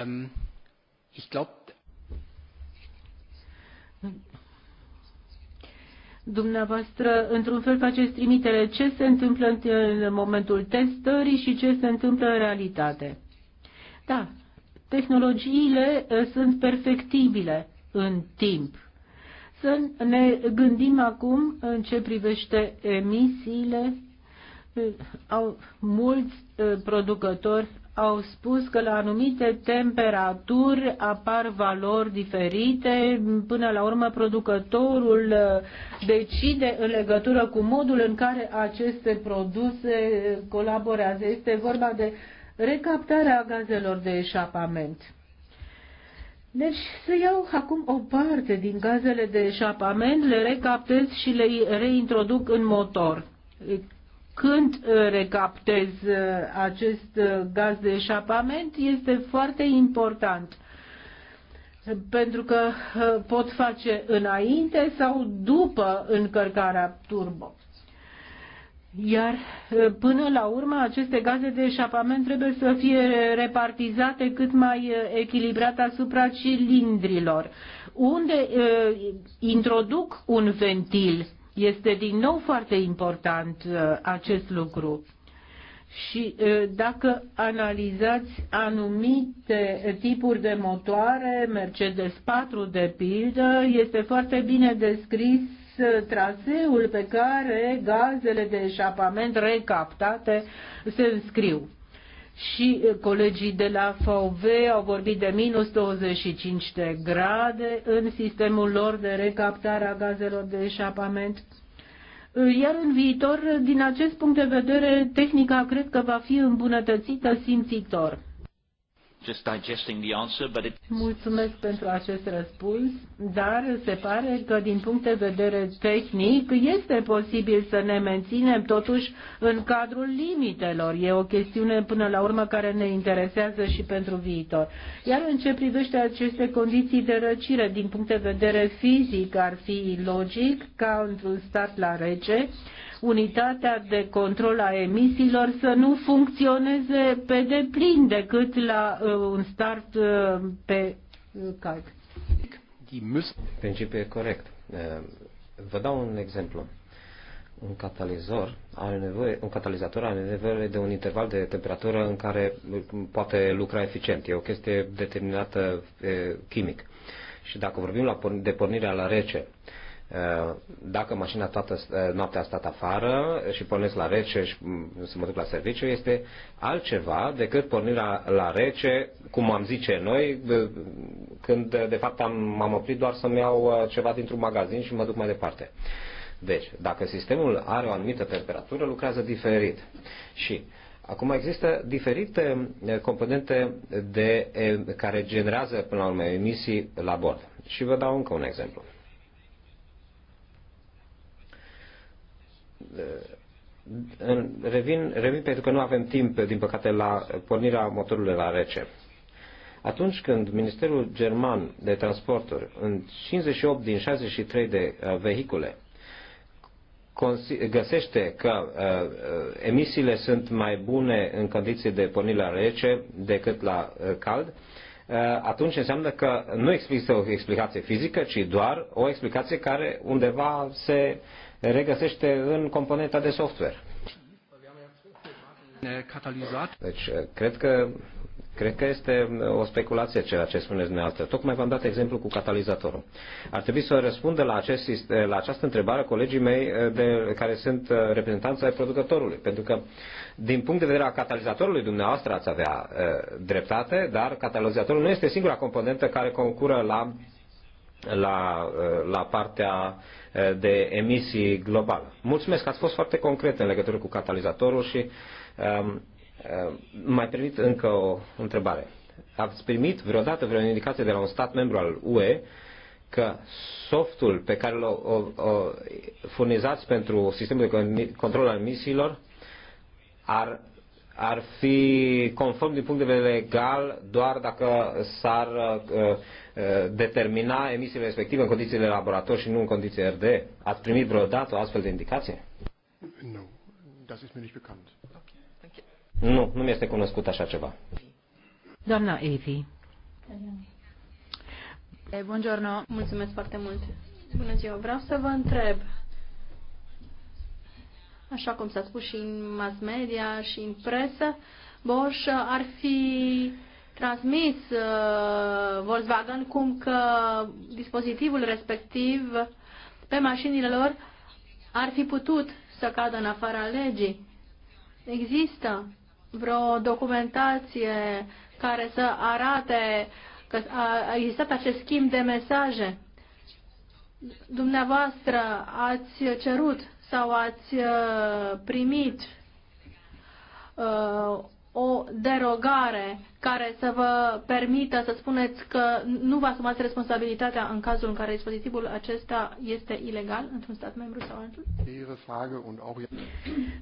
Ähm, ich glaube. Dumneavoastră, într-un fel, faceți trimitere ce se întâmplă în momentul testării și ce se întâmplă în realitate. Da, tehnologiile uh, sunt perfectibile în timp. Să ne gândim acum în ce privește emisiile. Uh, au mulți uh, producători au spus că la anumite temperaturi apar valori diferite, până la urmă producătorul uh, decide în legătură cu modul în care aceste produse uh, colaborează. Este vorba de recaptarea gazelor de eșapament. Deci să iau acum o parte din gazele de eșapament, le recaptez și le reintroduc în motor când uh, recaptez uh, acest uh, gaz de eșapament este foarte important pentru că pot face înainte sau după încărcarea turbo. Iar până la urmă aceste gaze de eșapament trebuie să fie repartizate cât mai echilibrat asupra cilindrilor, unde introduc un ventil este din nou foarte important uh, acest lucru. Și uh, dacă analizați anumite tipuri de motoare, Mercedes 4 de pildă, este foarte bine descris uh, traseul pe care gazele de eșapament recaptate se înscriu și colegii de la FOV au vorbit de minus 25 de grade în sistemul lor de recaptare a gazelor de eșapament. Iar în viitor, din acest punct de vedere, tehnica cred că va fi îmbunătățită simțitor just digesting the answer, but it... Mulțumesc pentru acest răspuns, dar se pare că din punct de vedere tehnic este posibil să ne menținem totuși în cadrul limitelor. E o chestiune până la urmă care ne interesează și pentru viitor. Iar în ce privește aceste condiții de răcire, din punct de vedere fizic ar fi logic ca într-un stat la rece unitatea de control a emisiilor să nu funcționeze pe deplin decât la uh, un start uh, pe uh, cald. Principiul e corect. Vă dau un exemplu. Un catalizor are nevoie, un catalizator are nevoie de un interval de temperatură în care poate lucra eficient. E o chestie determinată chimic. Și dacă vorbim la, de pornirea la rece, Eh, dacă mașina toată eh, noaptea a stat afară și pornesc la rece și mm, să mă duc la serviciu, este altceva decât pornirea la rece, cum am zice noi, când de fapt am, m-am oprit doar să-mi iau eh, ceva dintr-un magazin și mă duc mai departe. Deci, dacă sistemul are o anumită temperatură, lucrează diferit. Și Acum există diferite componente de, care generează, până la urmă, emisii la bord. Și vă dau încă un exemplu. Eh, revin, revin pentru că nu avem timp, din păcate, la pornirea motorului la rece. Atunci când Ministerul German de Transporturi, în 58 din 63 de eh, vehicule, găsește că uh, emisiile sunt mai bune în condiții de pornire la rece decât la uh, cald, uh, atunci înseamnă că nu există o explicație fizică, ci doar o explicație care undeva se uh, regăsește în componenta de software. Deci, eh, cred că, cred că este eh, o speculație ceea ce spuneți dumneavoastră. Tocmai v-am dat exemplu cu catalizatorul. Ar trebui să răspundă la, acest, eh, la această întrebare colegii mei de, care sunt reprezentanța ai producătorului. Pentru că, din punct de vedere al catalizatorului, dumneavoastră ați avea e, dreptate, dar catalizatorul nu este singura componentă care concură la, la, la partea de emisii globale. Mulțumesc, ați fost foarte concret în legătură cu catalizatorul și um, uh, mai primit încă o întrebare. Ați primit vreodată vreo indicație de la un stat membru al UE că softul pe care îl furnizați pentru sistemul de control al emisiilor ar, ar fi conform din punct de vedere legal doar dacă s-ar uh, Uh, determina emisiile respective în condițiile laborator și nu în condiții RD. Ați primit vreodată o astfel de indicație? Nu. Das ist mir nicht bekannt. Nu, nu mi-este cunoscut așa ceva. Doamna Evi. Buongiorno, mulțumesc foarte mult. Bună ziua, vreau să vă întreb, așa cum s-a spus și în mass media și în presă, Bosch ar fi transmis uh, Volkswagen cum că dispozitivul respectiv pe mașinile lor ar fi putut să cadă în afara legii. Există vreo documentație care să arate că a existat acest schimb de mesaje? Dumneavoastră ați cerut sau ați uh, primit uh, o derogare care să vă permită să spuneți că nu vă asumați responsabilitatea în cazul în care dispozitivul acesta este ilegal într-un stat membru sau altul?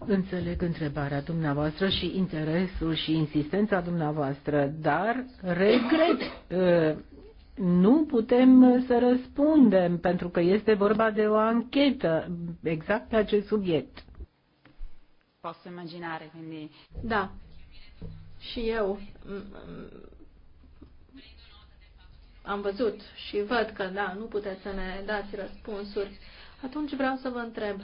Înțeleg întrebarea dumneavoastră și interesul și insistența dumneavoastră, dar regret ă, nu putem să răspundem pentru că este vorba de o anchetă exact pe acest subiect. Posso immaginare, quindi... Da, și eu am văzut și văd că, da, nu puteți să ne dați răspunsuri. Atunci vreau să vă întreb.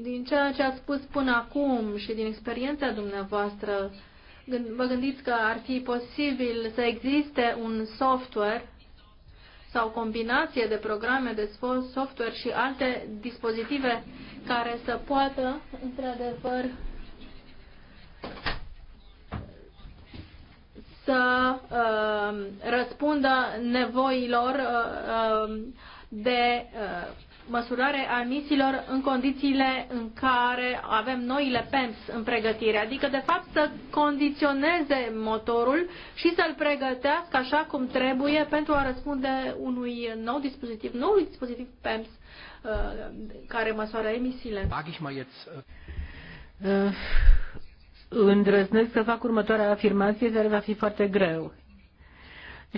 Din ceea ce ați spus până acum și din experiența dumneavoastră, vă gândiți că ar fi posibil să existe un software sau combinație de programe de software și alte dispozitive care să poată, într-adevăr, să uh, răspundă nevoilor uh, um, de uh, măsurare a emisiilor în condițiile în care avem noile PEMS în pregătire, adică de fapt să condiționeze motorul și să-l pregătească așa cum trebuie pentru a răspunde unui nou dispozitiv, nou dispozitiv PEMS uh, care măsoară emisiile îndrăznesc să fac următoarea afirmație, dar va fi foarte greu.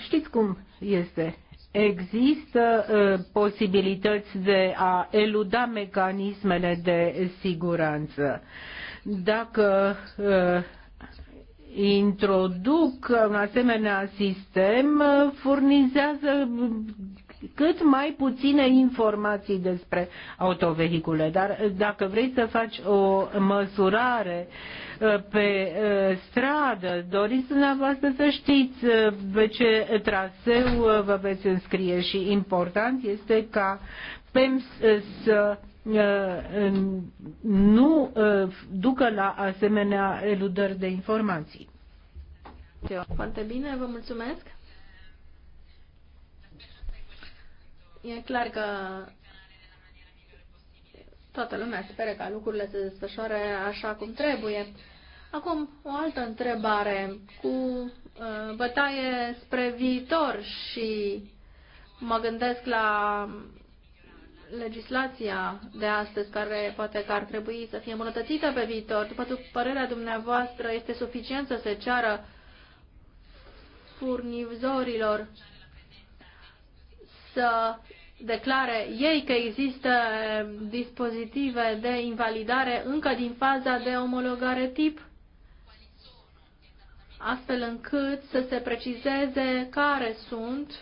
Știți cum este? Există uh, posibilități de a eluda mecanismele de siguranță. Dacă uh, introduc un asemenea sistem, uh, furnizează cât mai puține informații despre autovehicule. Dar dacă vrei să faci o măsurare uh, Uh, pe uh, stradă. Doriți dumneavoastră să știți uh, pe ce traseu vă veți înscrie și important este ca PEMS să nu ducă la asemenea eludări de informații. Foarte bine, vă mulțumesc. E clar că Toată lumea speră ca lucrurile se desfășoare așa cum trebuie. Acum, o altă întrebare cu uh, bătaie spre viitor și mă gândesc la legislația de astăzi, care poate că ar trebui să fie îmbunătățită pe viitor. După părerea dumneavoastră, este suficient să se ceară furnizorilor să declare ei că există dispozitive de invalidare încă din faza de omologare tip, astfel încât să se precizeze care sunt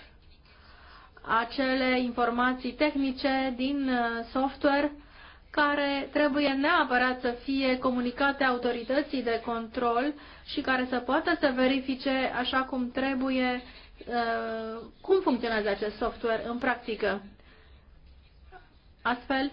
acele informații tehnice din uh, software care trebuie neapărat să fie comunicate autorității de control și care să poată să verifice așa cum trebuie cum funcționează acest software în practică. Astfel,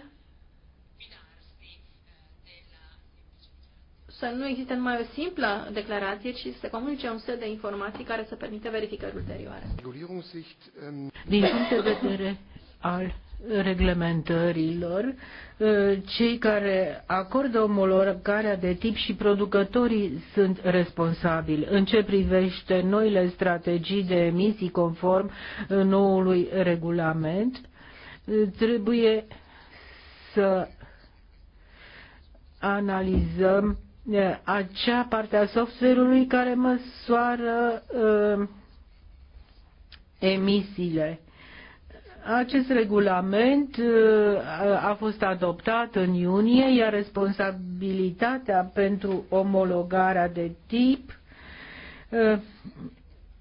să nu existe numai o simplă declarație, ci să se comunice un set de informații care să permită verificări ulterioare. Ähm, Din punct de vedere al reglementărilor, uh, cei care acordă omologarea de tip și producătorii sunt responsabili. În ce privește noile strategii de emisii conform uh, noului regulament, uh, trebuie să analizăm acea parte a software-ului care măsoară uh, emisiile. Acest regulament uh, a fost adoptat în iunie, iar responsabilitatea pentru omologarea de tip uh,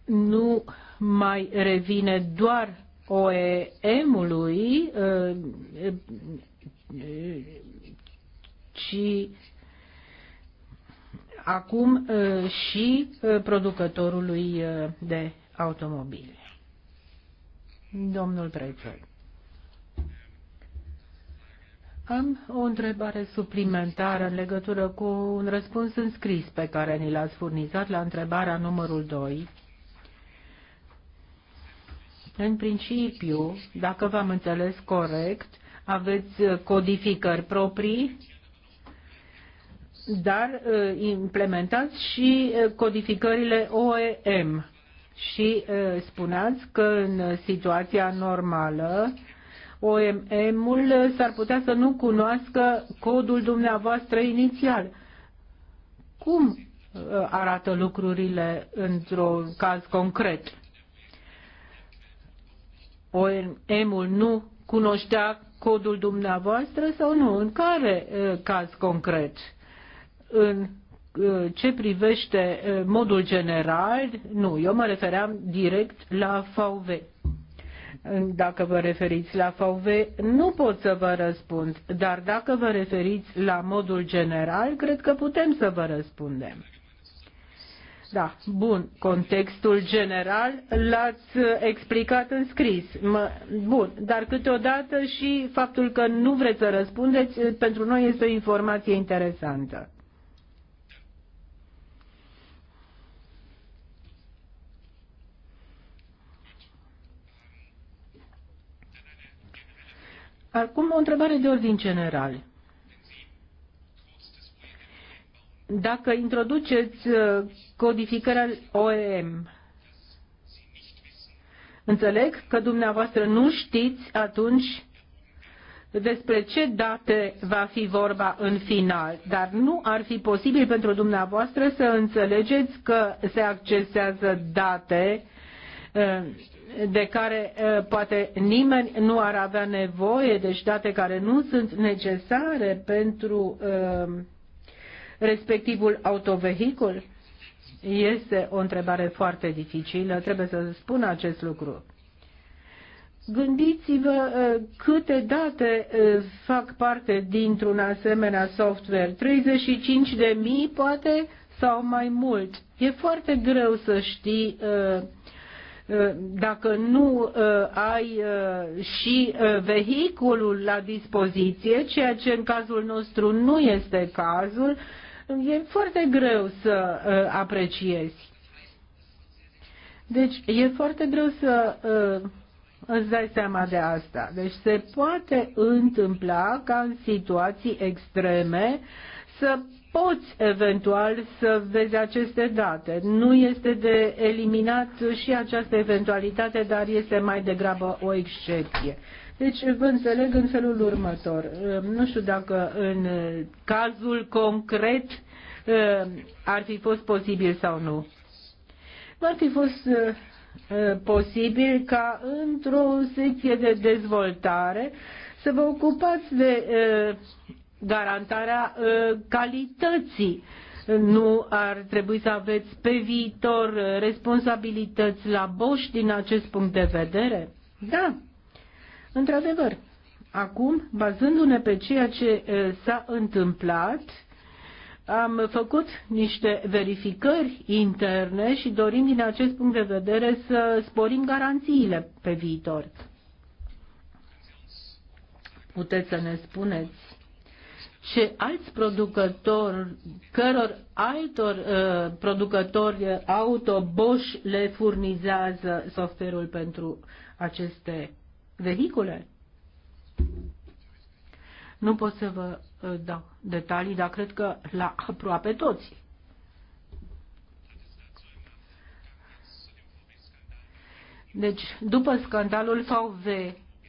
nu mai revine doar OEM-ului, uh, ci acum și producătorului de automobile. Domnul Breitfeld. Am o întrebare suplimentară în legătură cu un răspuns înscris pe care ni l-ați furnizat la întrebarea numărul 2. În principiu, dacă v-am înțeles corect, aveți uh, codificări proprii, dar uh, implementați și uh, codificările OEM și spuneați că în situația normală OMM-ul s-ar putea să nu cunoască codul dumneavoastră inițial. Cum arată lucrurile într-un caz concret? OMM-ul nu cunoștea codul dumneavoastră sau nu? În care caz concret? În ce privește modul general, nu, eu mă refeream direct la VV. Dacă vă referiți la VV, nu pot să vă răspund, dar dacă vă referiți la modul general, cred că putem să vă răspundem. Da, bun, contextul general l-ați explicat în scris. Mă, bun, dar câteodată și faptul că nu vreți să răspundeți, pentru noi este o informație interesantă. Acum o întrebare de ordin general. Dacă introduceți uh, codificarea OEM, înțeleg că dumneavoastră nu știți atunci despre ce date va fi vorba în final, dar nu ar fi posibil pentru dumneavoastră să înțelegeți că se accesează date de care poate nimeni nu ar avea nevoie, deci date care nu sunt necesare pentru respectivul autovehicul? Este o întrebare foarte dificilă, trebuie să spun acest lucru. Gândiți-vă câte date fac parte dintr-un asemenea software. 35 de mii poate sau mai mult. E foarte greu să știi uh, dacă nu uh, ai uh, și uh, vehiculul la dispoziție, ceea ce în cazul nostru nu este cazul, e foarte greu să apreciezi. Deci e foarte greu să îți dai seama de asta. Deci se poate întâmpla ca în situații extreme să poți eventual să vezi aceste date. Nu este de eliminat și această eventualitate, dar este mai degrabă o excepție. Deci vă înțeleg în felul următor. Ehm, nu știu dacă în eh, cazul concret ehm, ar fi fost posibil sau nu. Nu ar fi fost eh, eh, posibil ca într-o secție de dezvoltare să vă ocupați de garantarea uh, calității. Nu ar trebui să aveți pe viitor uh, responsabilități la Bosch din acest punct de vedere? Da, într-adevăr. Acum, bazându-ne pe ceea ce uh, s-a întâmplat, am făcut niște verificări interne și dorim din acest punct de vedere să sporim garanțiile pe viitor. Puteți să ne spuneți și alți producători, căror altor uh, producători auto Bosch le furnizează software-ul pentru aceste vehicule? Nu pot să vă uh, dau detalii, dar cred că la aproape toți. Deci, după scandalul VW,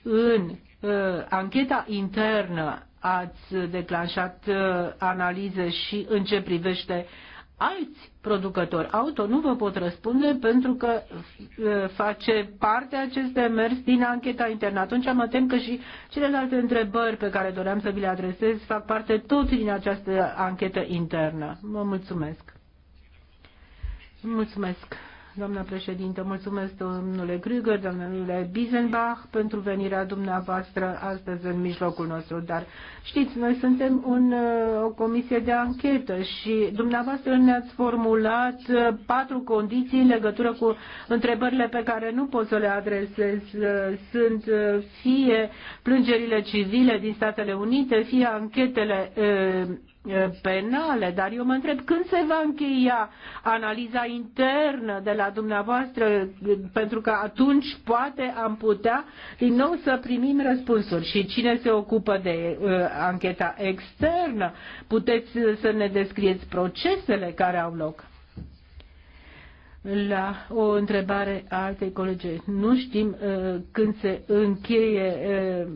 în uh, ancheta internă ați declanșat uh, analize și în ce privește alți producători auto, nu vă pot răspunde pentru că uh, face parte acest demers din ancheta internă. Atunci mă tem că și celelalte întrebări pe care doream să vi le adresez fac parte tot din această anchetă internă. Vă mulțumesc. Mulțumesc. Doamna președintă, mulțumesc domnule Grigăr, domnule Bizenbach, pentru venirea dumneavoastră astăzi în mijlocul nostru, dar știți, noi suntem un, o comisie de anchetă și dumneavoastră ne-ați formulat uh, patru condiții în legătură cu întrebările pe care nu pot să le adresez. Uh, sunt uh, fie plângerile civile din Statele Unite, fie anchetele penale, dar eu mă întreb când se va încheia analiza internă de la dumneavoastră, pentru că atunci poate am putea din nou să primim răspunsuri. Și cine se ocupă de uh, ancheta externă? Puteți să ne descrieți procesele care au loc? La o întrebare a altei colege. Nu știm uh, când se încheie uh,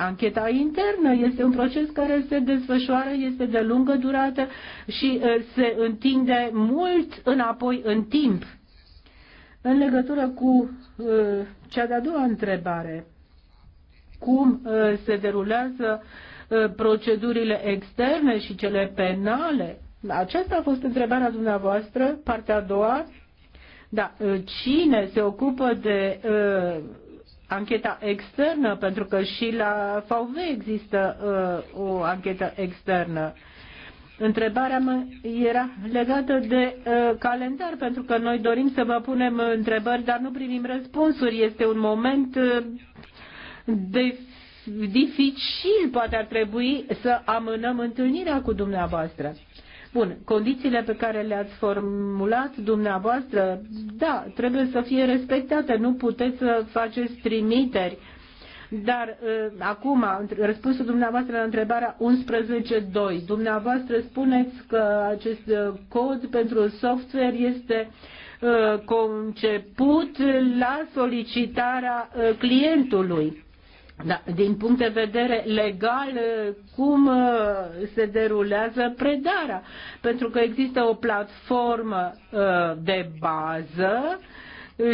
Ancheta internă este un proces care se desfășoară, este de lungă durată și uh, se întinde mult înapoi în timp. În legătură cu uh, cea de-a doua întrebare, cum uh, se derulează procedurile externe și cele penale? Aceasta a fost întrebarea dumneavoastră, partea a doua. Da, cine se ocupă de uh, ancheta externă, pentru că și la VV există uh, o anchetă externă. Întrebarea mă era legată de uh, calendar, pentru că noi dorim să vă punem întrebări, dar nu primim răspunsuri. Este un moment uh, de dificil, poate ar trebui să amânăm întâlnirea cu dumneavoastră. Bun, condițiile pe care le-ați formulat dumneavoastră, da, trebuie să fie respectate, nu puteți să faceți trimiteri. Dar uh, acum, răspunsul dumneavoastră la întrebarea 11.2, dumneavoastră spuneți că acest uh, cod pentru software este uh, conceput la solicitarea uh, clientului. Da, din punct de vedere legal, eh, cum eh, se derulează predarea? Pentru că există o platformă eh, de bază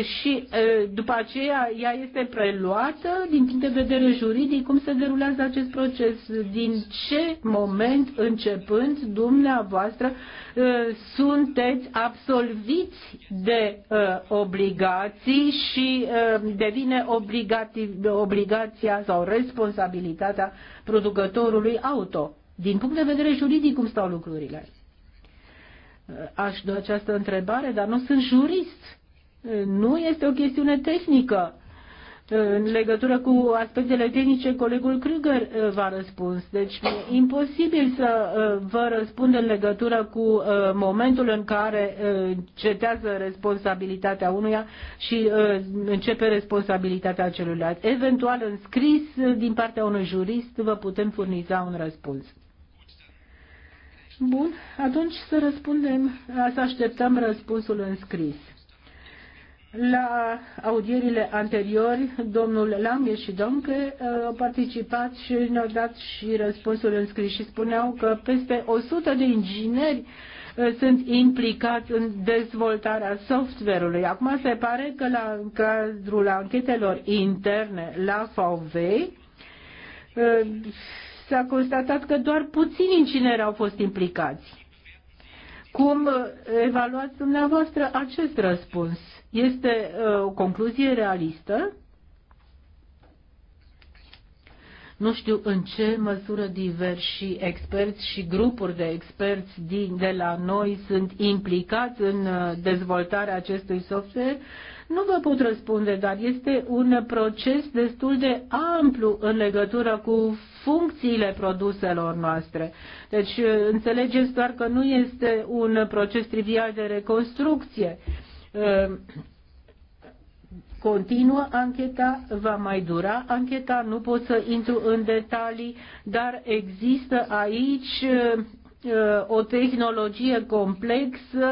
și după aceea ea este preluată din punct de vedere juridic, cum se derulează acest proces, din ce moment începând dumneavoastră sunteți absolviți de obligații și devine obligația sau responsabilitatea producătorului auto. Din punct de vedere juridic, cum stau lucrurile? Aș da această întrebare, dar nu sunt jurist nu este o chestiune tehnică. În legătură cu aspectele tehnice, colegul Krüger uh, v-a răspuns. Deci e imposibil să uh, vă răspund în legătură cu uh, momentul în care cetează responsabilitatea unuia și începe responsabilitatea celuilalt. Eventual, în scris, din partea unui jurist, vă putem furniza un răspuns. Bun, atunci să răspundem, să așteptăm răspunsul în scris. La audierile anteriori, domnul Lange și Domke uh, au participat și ne-au dat și răspunsul în scris și spuneau că peste 100 de ingineri uh, sunt implicați în dezvoltarea software-ului. Acum se pare că la în cadrul anchetelor interne la VV uh, s-a constatat că doar puțini ingineri au fost implicați. Cum evaluați dumneavoastră acest răspuns? Este uh, o concluzie realistă? Nu știu în ce măsură diversi experți și grupuri de experți din, de la noi sunt implicați în uh, dezvoltarea acestui software. Nu vă pot răspunde, dar este un proces destul de amplu în legătură cu funcțiile produselor noastre. Deci uh, înțelegeți doar că nu este un proces trivial de reconstrucție. Ehm, continuă ancheta, va mai dura ancheta, nu pot să intru în detalii, dar există aici ehm, o tehnologie complexă,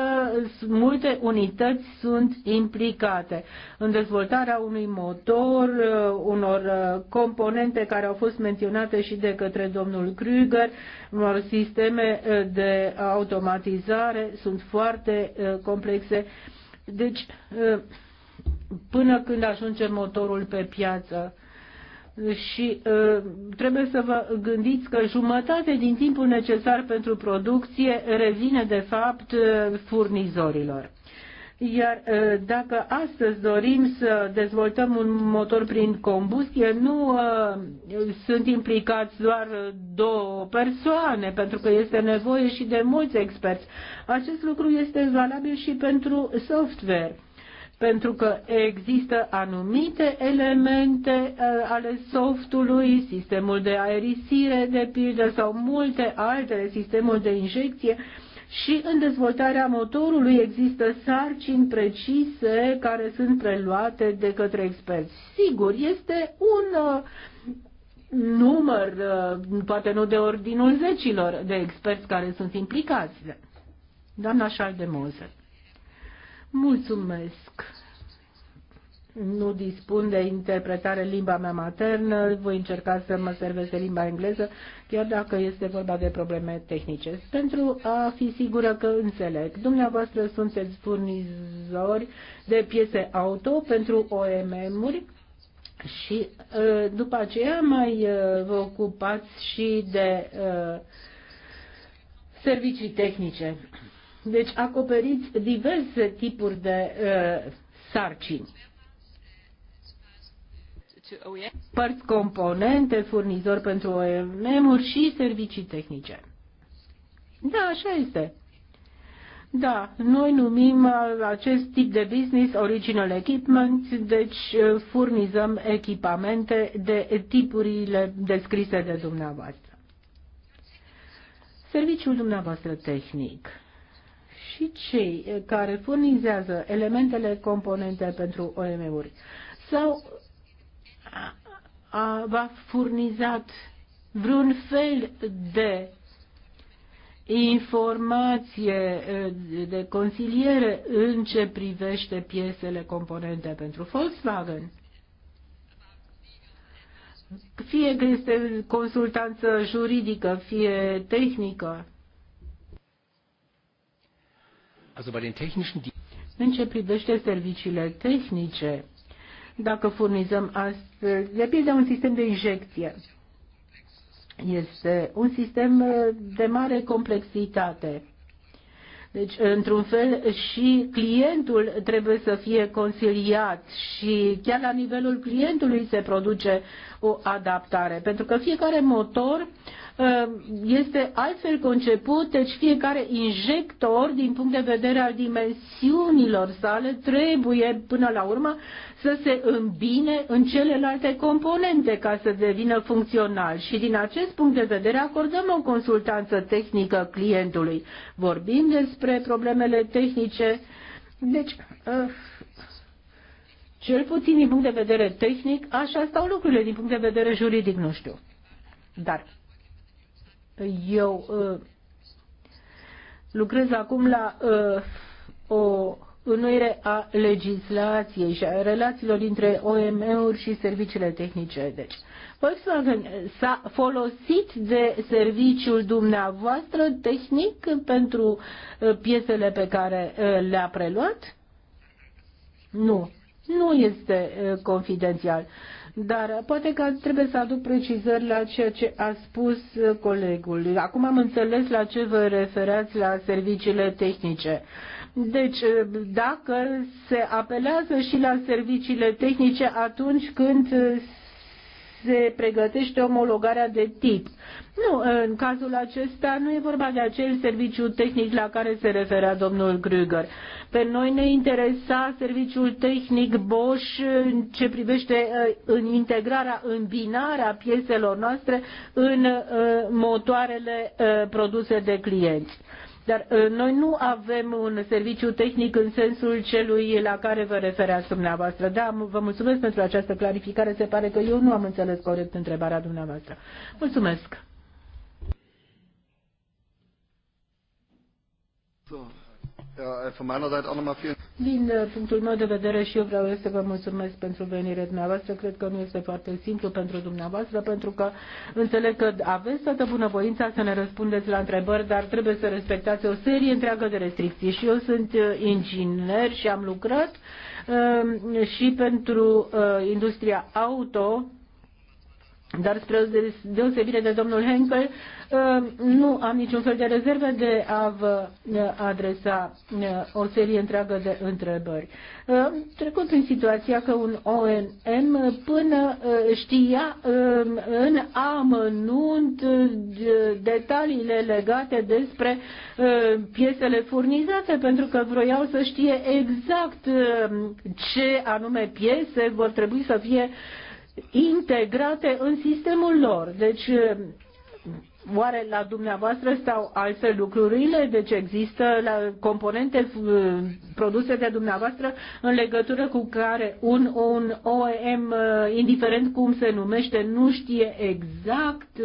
multe unități sunt implicate în dezvoltarea unui motor, ehm, unor componente care au fost menționate și de către domnul Krüger, unor sisteme de automatizare, sunt foarte complexe deci, ă, până când ajunge motorul pe piață, și ă, trebuie să vă gândiți că jumătate din timpul necesar pentru producție revine de fapt furnizorilor. Iar dacă astăzi dorim să dezvoltăm un motor prin combustie, nu sunt implicați doar două persoane, pentru că este nevoie și de mulți experți. Acest lucru este valabil și pentru software pentru că există anumite elemente ale softului, sistemul de aerisire, de pildă, sau multe altele, sistemul de injecție, uh, și în dezvoltarea motorului există sarcini precise care sunt preluate de către experți. Sigur, este un uh, număr, uh, poate nu de ordinul zecilor de experți care sunt implicați. Doamna Charles de Moser. Mulțumesc nu dispun de interpretare limba mea maternă, voi încerca să mă servesc de limba engleză, chiar dacă este vorba de probleme tehnice. Pentru a fi sigură că înțeleg, dumneavoastră sunteți furnizori de piese auto pentru OMM-uri și uh, după aceea mai uh, vă ocupați și de uh, servicii tehnice. Deci acoperiți diverse tipuri de sarcini părți componente, furnizori pentru OEM-uri și servicii tehnice. Da, așa este. Da, noi numim acest tip de business original equipment, deci uh, furnizăm echipamente de tipurile descrise de dumneavoastră. Serviciul dumneavoastră tehnic și cei care furnizează elementele componente pentru OM-uri sau a furnizat vreun fel de informație de consiliere în ce privește piesele componente pentru Volkswagen. Fie că este consultanță juridică, fie tehnică. În ce privește serviciile tehnice, dacă furnizăm astfel, de pildă, un sistem de injecție. Este un sistem uh, de mare complexitate. Deci, într-un fel, și clientul trebuie să fie consiliat și chiar la nivelul clientului se produce o adaptare, pentru că fiecare motor Ehm, este altfel conceput, deci fiecare injector, din punct de vedere al dimensiunilor sale, trebuie până la urmă să se îmbine în celelalte componente ca să devină funcțional. Și din acest punct de vedere acordăm o consultanță tehnică clientului. Vorbim despre problemele tehnice. Deci, eh, cel puțin din punct de vedere tehnic, așa stau lucrurile, din punct de vedere juridic, nu știu. Dar eu uh, lucrez acum la uh, o înnoire a legislației și a relațiilor dintre OME-uri și serviciile tehnice. Deci, Volkswagen s-a folosit de serviciul dumneavoastră tehnic pentru uh, piesele pe care le-a preluat? Nu, nu este confidențial. Dar uh, poate că trebuie să aduc precizări la ceea ce a spus uh, colegul. Acum am înțeles la ce vă referați la serviciile tehnice. Deci, uh, dacă se apelează și la serviciile tehnice atunci când se pregătește omologarea de tip. Nu, în cazul acesta nu e vorba de acel serviciu tehnic la care se referea domnul Krüger. Pe noi ne interesa serviciul tehnic Bosch în ce privește ă, în integrarea, binarea pieselor noastre în ă, motoarele ă, produse de clienți. Dar ă, noi nu avem un serviciu tehnic în sensul celui la care vă refereați dumneavoastră. Da, vă mulțumesc pentru această clarificare. Se pare că eu nu am înțeles corect întrebarea dumneavoastră. Mulțumesc. So. Din uh, punctul meu de vedere și eu vreau să vă mulțumesc pentru venirea dumneavoastră. Cred că nu este foarte simplu pentru dumneavoastră, pentru că înțeleg că aveți toată bunăvoința să ne răspundeți la întrebări, dar trebuie să respectați o serie întreagă de restricții. Și eu sunt uh, inginer și am lucrat uh, și pentru industria auto dar spre deosebire de domnul Henkel, uh, nu am niciun fel de rezerve de a vă uh, adresa uh, o serie întreagă de întrebări. trecut în situația că un ONM până știa în amănunt detaliile legate despre piesele furnizate, pentru că vroiau să știe exact ce anume piese vor trebui să fie integrate în sistemul lor. Deci, eh, oare la dumneavoastră stau altfel lucrurile? Deci există la componente eh, produse de dumneavoastră în legătură cu care un, un OEM, eh, indiferent cum se numește, nu știe exact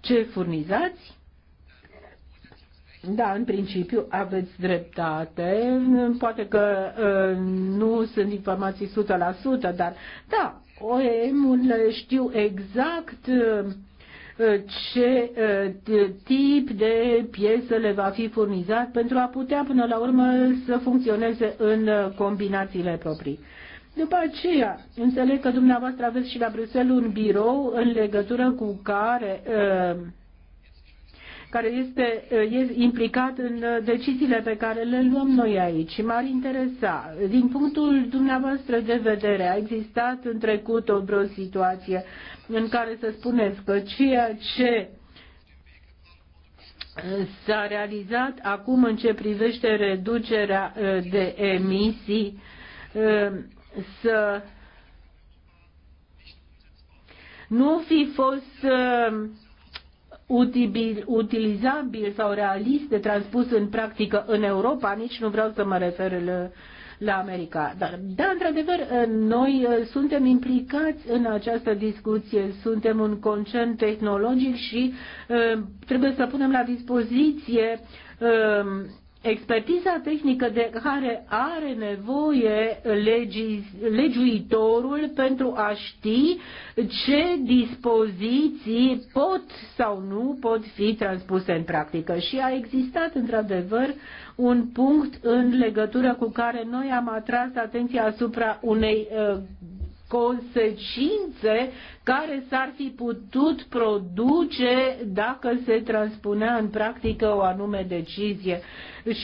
ce furnizați? Da, în principiu aveți dreptate. Poate că uh, nu sunt informații 100%, dar da, oem eh, știu exact eh, ce eh, tip de piesă le va fi furnizat pentru a putea până la urmă să funcționeze în combinațiile proprii. După aceea, înțeleg că dumneavoastră aveți și la Bruxelles un birou în legătură cu care uh, care este, e implicat în uh, deciziile pe care le luăm noi aici. M-ar interesa, din punctul dumneavoastră de vedere, a existat în trecut o vreo situație în care să spuneți că ceea ce uh, s-a realizat acum în ce privește reducerea uh, de emisii să nu fi fost utibil, utilizabil sau realist de transpus în practică în Europa, nici nu vreau să mă refer la, la America. Dar, da, într-adevăr, ă, noi ă, suntem implicați în această discuție, suntem un concern tehnologic și uh, trebuie să punem la dispoziție uh, expertiza tehnică de care are nevoie legi, legiuitorul pentru a ști ce dispoziții pot sau nu pot fi transpuse în practică. Și a existat într-adevăr un punct în legătură cu care noi am atras atenția asupra unei uh, consecințe care s-ar fi putut produce dacă se transpunea în practică o anume decizie.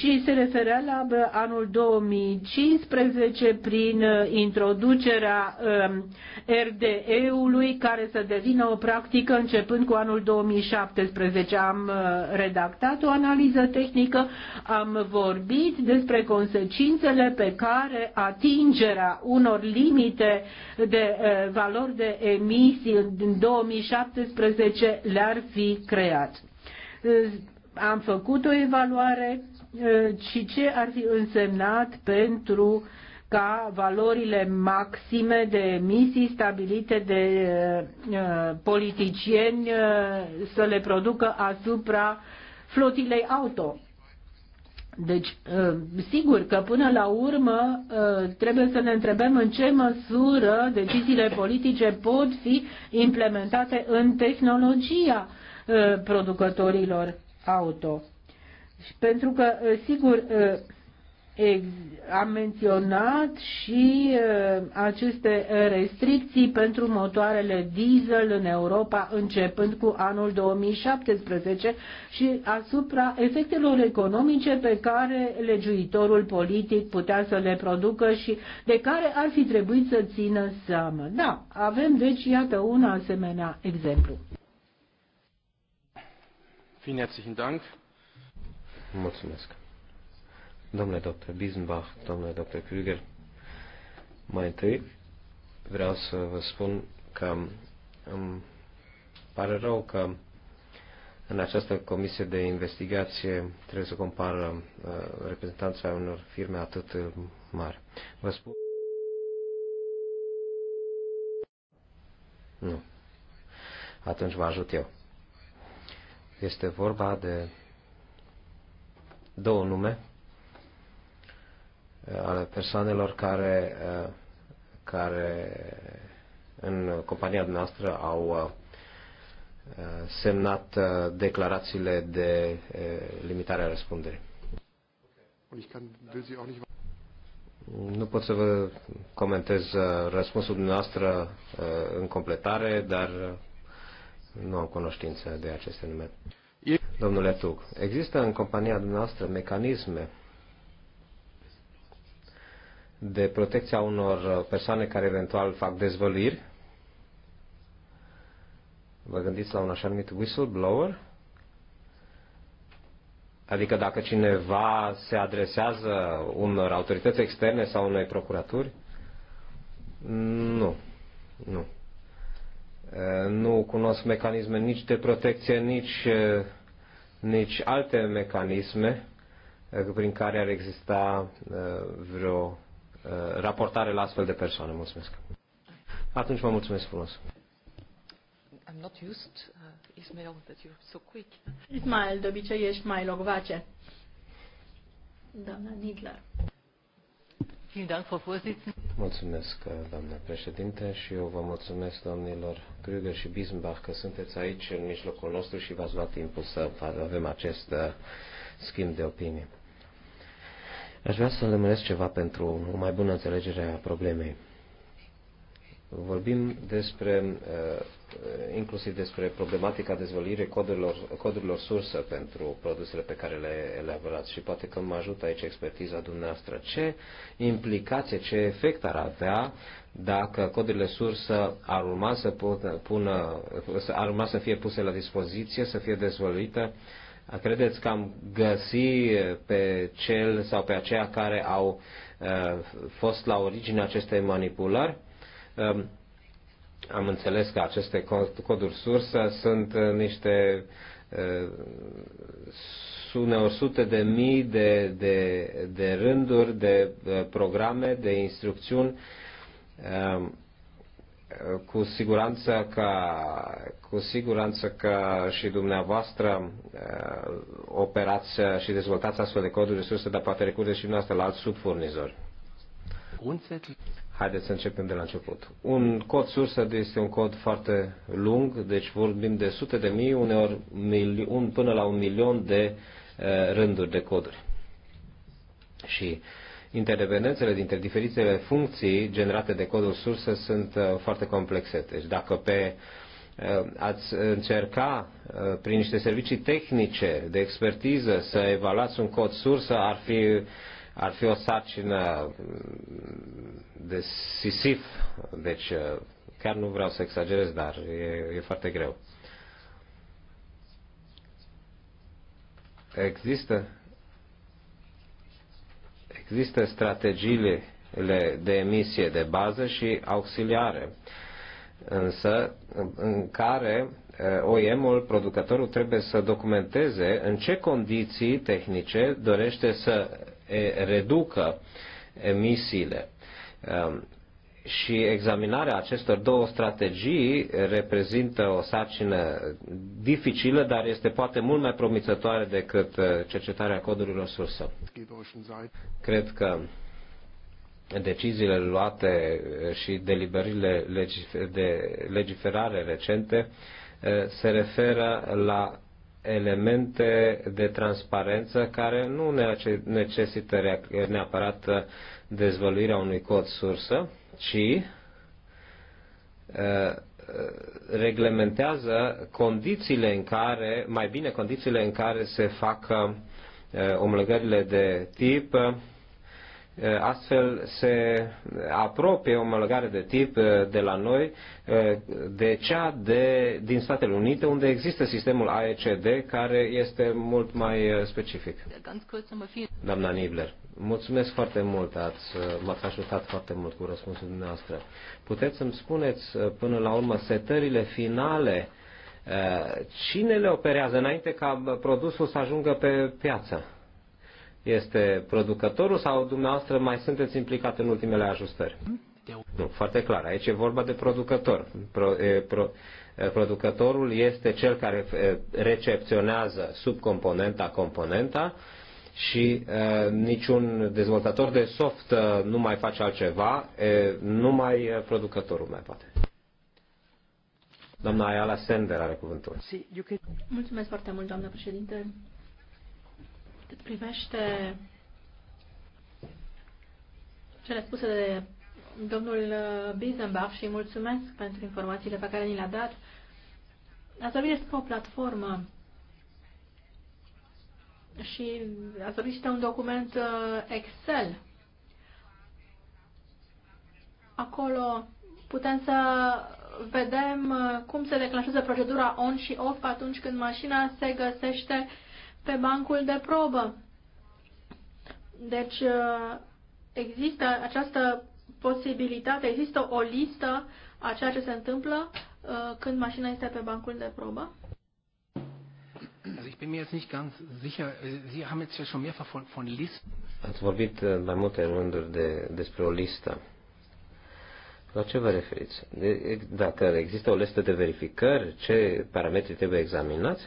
Și se referea la anul 2015 prin uh, introducerea um, RDE-ului care să devină o practică începând cu anul 2017. Am uh, redactat o analiză tehnică, am vorbit despre consecințele pe care atingerea unor limite de uh, valori de emisie comisii din 2017 le-ar fi creat. Am făcut o evaluare și ce ar fi însemnat pentru ca valorile maxime de emisii stabilite de politicieni să le producă asupra flotilei auto. Deci, uh, sigur că până la urmă uh, trebuie să ne întrebăm în ce măsură deciziile politice pot fi implementate în tehnologia uh, producătorilor auto. Pentru că, sigur, am menționat și uh, aceste restricții pentru motoarele diesel în Europa începând cu anul 2017 și asupra efectelor economice pe care legiuitorul politic putea să le producă și de care ar fi trebuit să țină seamă. Da, avem deci iată un asemenea exemplu. Vielen herzlichen Dank. Mulțumesc domnule doctor Bismbach, domnule doctor Krüger, mai întâi vreau să vă spun că îmi pare rău că în această comisie de investigație trebuie să compar uh, reprezentanța unor firme atât mari. Vă spun... Nu. Atunci vă ajut eu. Este vorba de două nume ale persoanelor care, eh, care în compania noastră au eh, semnat eh, declarațiile de limitare a răspunderii. Nu pot să vă comentez răspunsul dumneavoastră în completare, dar nu am cunoștință de aceste nume. Domnule Tug, există în compania dumneavoastră mecanisme de protecția unor persoane care eventual fac dezvăluiri. Vă gândiți la un așa numit whistleblower? Adică dacă cineva se adresează unor autorități externe sau unei procuraturi? Nu. Nu. Nu cunosc mecanisme nici de protecție, nici, nici alte mecanisme prin care ar exista vreo Uh, raportare la astfel de persoane. Mulțumesc. Atunci vă mulțumesc frumos. I'm not used, uh, Ismail, that you're so quick. Ismail, de obicei ești mai logvace. Doamna Nidler. Mulțumesc, uh, doamna președinte, și eu vă mulțumesc, domnilor Krüger și Bismbach, că sunteți aici în mijlocul nostru și v-ați luat timpul să avem acest uh, schimb de opinie. Aș vrea să lămuresc ceva pentru o mai bună înțelegere a problemei. Vorbim despre, uh, inclusiv despre problematica dezvăluirii codurilor, codurilor sursă pentru produsele pe care le elaborați și poate că mă ajută aici expertiza dumneavoastră. Ce implicație, ce efect ar avea dacă codurile sursă ar urma să, pună, ar urma să fie puse la dispoziție, să fie dezvăluite Credeți că am găsi pe cel sau pe aceia care au uh, fost la originea acestei manipulări? Um, am înțeles că aceste coduri sursă sunt uh, niște uh, uneori sute de mii de, de, de rânduri, de programe, de instrucțiuni um, cu siguranță că, cu siguranță că și dumneavoastră uh, operați și dezvoltați astfel de coduri de surse, dar poate recurgeți și dumneavoastră la alți subfurnizori. Haideți să începem de la început. Un cod sursă este un cod foarte lung, deci vorbim de sute de mii, uneori mili, un, până la un milion de uh, rânduri de coduri. Și uh, interdependențele dintre diferitele funcții generate de codul sursă sunt uh, foarte complexe. Deci dacă pe uh, ați încerca uh, prin niște servicii tehnice de expertiză să evaluați un cod sursă ar fi, ar fi o sarcină mm, de sisif. Deci chiar nu vreau să exagerez, dar e, e foarte greu. Există Există strategiile de emisie de bază și auxiliare, însă în care eh, OEM-ul, producătorul, trebuie să documenteze în ce condiții tehnice dorește să eh, reducă emisiile. Ehm, și examinarea acestor două strategii reprezintă o sarcină dificilă, dar este poate mult mai promițătoare decât uh, cercetarea codurilor sursă. Cred că deciziile luate uh, și deliberările de legiferare recente uh, se referă la elemente de transparență care nu necesită neapărat dezvăluirea unui cod sursă, ci uh, uh, reglementează condițiile în care, mai bine condițiile în care se fac uh, omlăgările de tip, Astfel se apropie omlăgare de tip de la noi de cea de, din Statele Unite, unde există sistemul AECD, care este mult mai specific. Doamna Nibler. Mulțumesc foarte mult, ați, uh, m-ați ajutat foarte mult cu răspunsul dumneavoastră. Puteți să-mi spuneți uh, până la urmă setările finale, uh, cine le operează înainte ca produsul să ajungă pe piață? Este producătorul sau dumneavoastră mai sunteți implicat în ultimele ajustări? Nu, foarte clar. Aici e vorba de producător. Pro, e, pro, e, producătorul este cel care recepționează subcomponenta componenta, componenta și uh, niciun dezvoltator de soft uh, nu mai face altceva, e, numai uh, producătorul mai poate. Doamna Ayala Sender are cuvântul. Mulțumesc foarte mult, doamna președinte. Cât privește cele spuse de domnul uh, Bizenbach și mulțumesc pentru informațiile pe care ni le-a dat, ați vorbit despre o platformă și a solicită un document uh, Excel. Acolo putem să vedem uh, cum se declanșează procedura on și off atunci când mașina se găsește pe bancul de probă. Deci uh, există această posibilitate, există o listă a ceea ce se întâmplă când mașina este pe bancul de probă. Also ich bin mir jetzt nicht ganz sicher, äh, Sie haben jetzt ja schon mehrfach von, von Listen. Ați vorbit äh, mai multe rânduri de, despre o listă. La ce vă referiți? De, dacă există o listă de verificări, ce parametri trebuie examinați?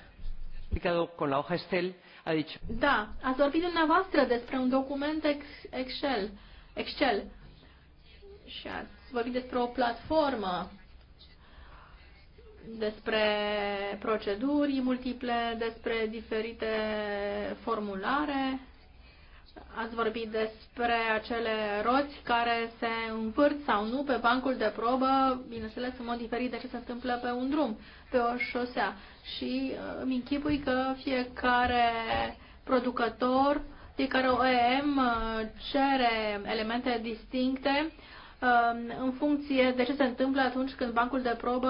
Da, ați vorbit dumneavoastră despre un document Excel, Excel și ați vorbit despre o platformă despre proceduri multiple, despre diferite formulare. Ați vorbit despre acele roți care se învârt sau nu pe bancul de probă, bineînțeles, în mod diferit de ce se întâmplă pe un drum, pe o șosea. Și uh, îmi închipui că fiecare producător, fiecare OEM uh, cere elemente distincte uh, în funcție de ce se întâmplă atunci când bancul de probă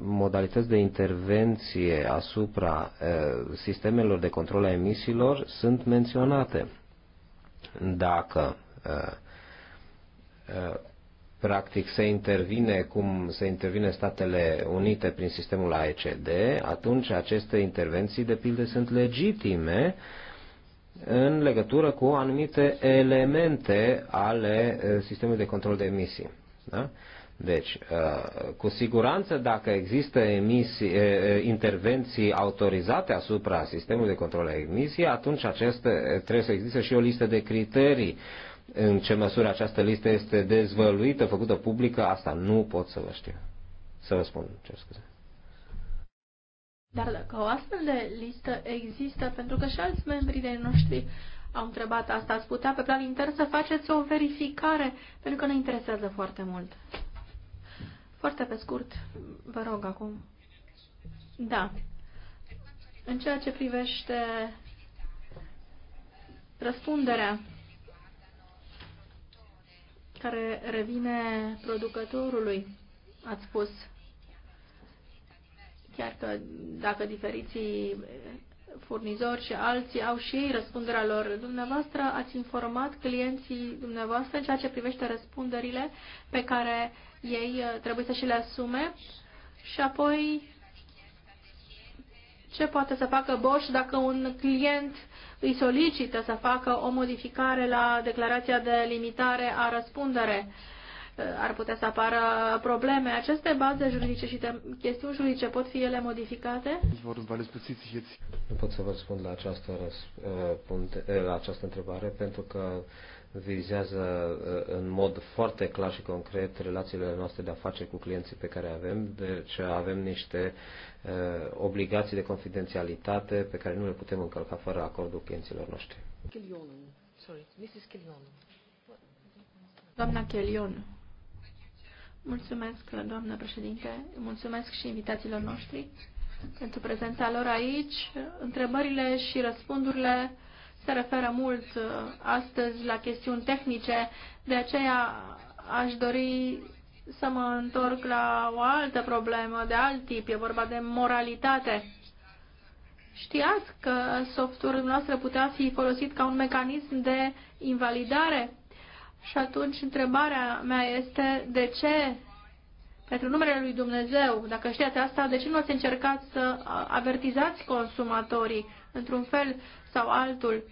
modalități de intervenție asupra sistemelor de control a emisiilor sunt menționate. Dacă practic se intervine cum se intervine Statele Unite prin sistemul AECD, atunci aceste intervenții, de pildă, sunt legitime în legătură cu anumite elemente ale sistemului de control de emisii. Da? Uh, deci, uh, cu siguranță, dacă există emisii, intervenții autorizate asupra sistemului de control a emisiei, atunci aceste, trebuie să existe și o listă de criterii. În ce măsură această listă este dezvăluită, făcută publică, asta nu pot să vă știu. Să vă spun, ce scuze. Dar dacă o astfel de listă există, pentru că și alți membri de noștri au întrebat asta, ați putea pe plan intern să faceți o verificare, pentru că ne interesează foarte mult. Foarte pe scurt, vă rog acum. Da. În ceea ce privește răspunderea care revine producătorului, ați spus, chiar că dacă diferiții furnizori și alții au și ei răspunderea lor. Dumneavoastră ați informat clienții dumneavoastră în ceea ce privește răspunderile pe care ei uh, trebuie să și le asume și apoi ce poate să facă Bosch dacă un client îi solicită să facă o modificare la declarația de limitare a răspundere. Uh, ar putea să apară probleme. Aceste baze juridice și chestiuni juridice pot fi ele modificate? Nu pot să vă răspund la această, răspund, uh, la această întrebare pentru că vizează uh, în mod foarte clar și concret relațiile noastre de afaceri cu clienții pe care avem, deci avem niște uh, obligații de confidențialitate pe care nu le putem încălca fără acordul clienților noștri. Doamna Chelion, mulțumesc, doamnă președinte, mulțumesc și invitațiilor noștri pentru prezența lor aici, întrebările și răspundurile se referă mult uh, astăzi la chestiuni tehnice, de aceea aș dori să mă întorc la o altă problemă de alt tip, e vorba de moralitate. Știați că softul noastră putea fi folosit ca un mecanism de invalidare? Și atunci întrebarea mea este de ce, pentru numele lui Dumnezeu, dacă știați asta, de ce nu ați încercat să avertizați consumatorii într-un fel sau altul?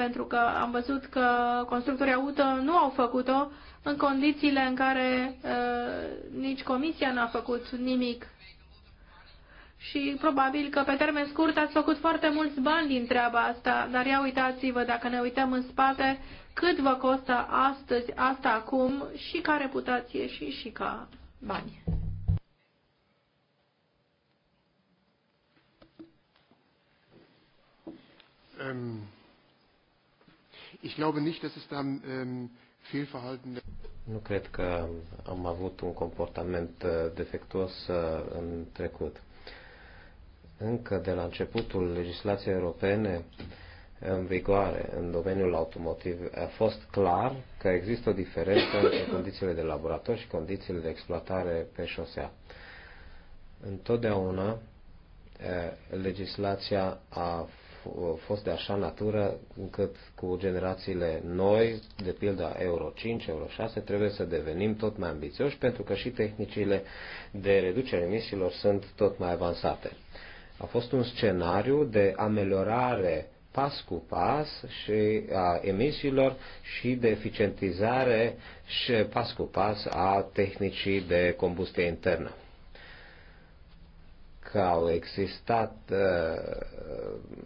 pentru că am văzut că constructorii auto nu au făcut-o în condițiile în care uh, nici comisia n-a făcut nimic. Și probabil că pe termen scurt ați făcut foarte mulți bani din treaba asta, dar ia uitați-vă, dacă ne uităm în spate, cât vă costă astăzi asta acum și ca reputație și, și ca bani. Um. Ich glaube nicht, dass es da ähm, Fehlverhalten. Nu cred că am avut un comportament uh, defectuos uh, în trecut. Încă de la începutul legislației europene în vigoare în domeniul automotiv a fost clar că există o diferență între condițiile de laborator și condițiile de exploatare pe șosea. Întotdeauna uh, legislația a fost de așa natură încât cu generațiile noi, de pildă Euro 5, Euro 6, trebuie să devenim tot mai ambițioși pentru că și tehnicile de reducere emisiilor sunt tot mai avansate. A fost un scenariu de ameliorare pas cu pas și a emisiilor și de eficientizare și pas cu pas a tehnicii de combustie internă că au existat uh,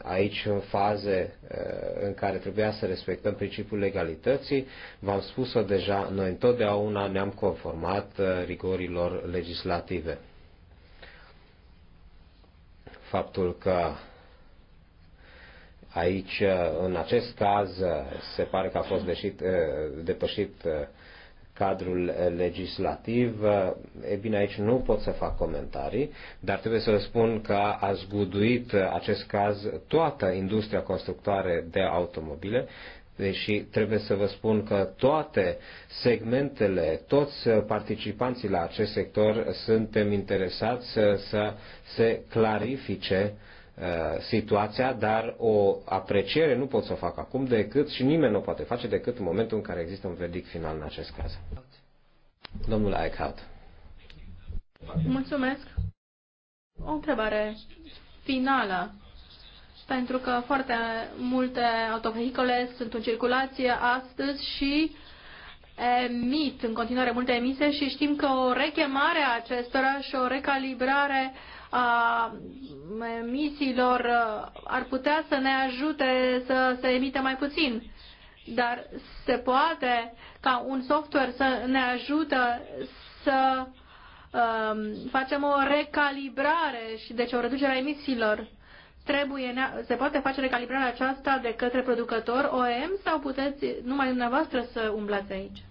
aici faze uh, în care trebuia să respectăm principiul legalității. V-am spus-o deja, noi întotdeauna ne-am conformat uh, rigorilor legislative. Faptul că aici, în acest caz, se pare că a fost deșit, depășit cadrul eh, legislativ, eh, e bine, aici nu pot să fac comentarii, dar trebuie să vă spun că a zguduit eh, acest caz toată industria constructoare de automobile, deși trebuie să vă spun că toate segmentele, toți participanții la acest sector suntem interesați să, să se clarifice Uh, situația, dar o apreciere nu pot să o fac acum decât și nimeni nu o poate face decât în momentul în care există un verdict final în acest caz. Domnul Eichhardt. Mulțumesc. O întrebare finală. Pentru că foarte multe autovehicole sunt în circulație astăzi și emit în continuare multe emise și știm că o rechemare a acestora și o recalibrare a emisiilor ar putea să ne ajute să se emite mai puțin. Dar se poate ca un software să ne ajută să um, facem o recalibrare și deci o reducere a emisiilor. Trebuie, se poate face recalibrarea aceasta de către producător OEM sau puteți numai dumneavoastră să umblați aici?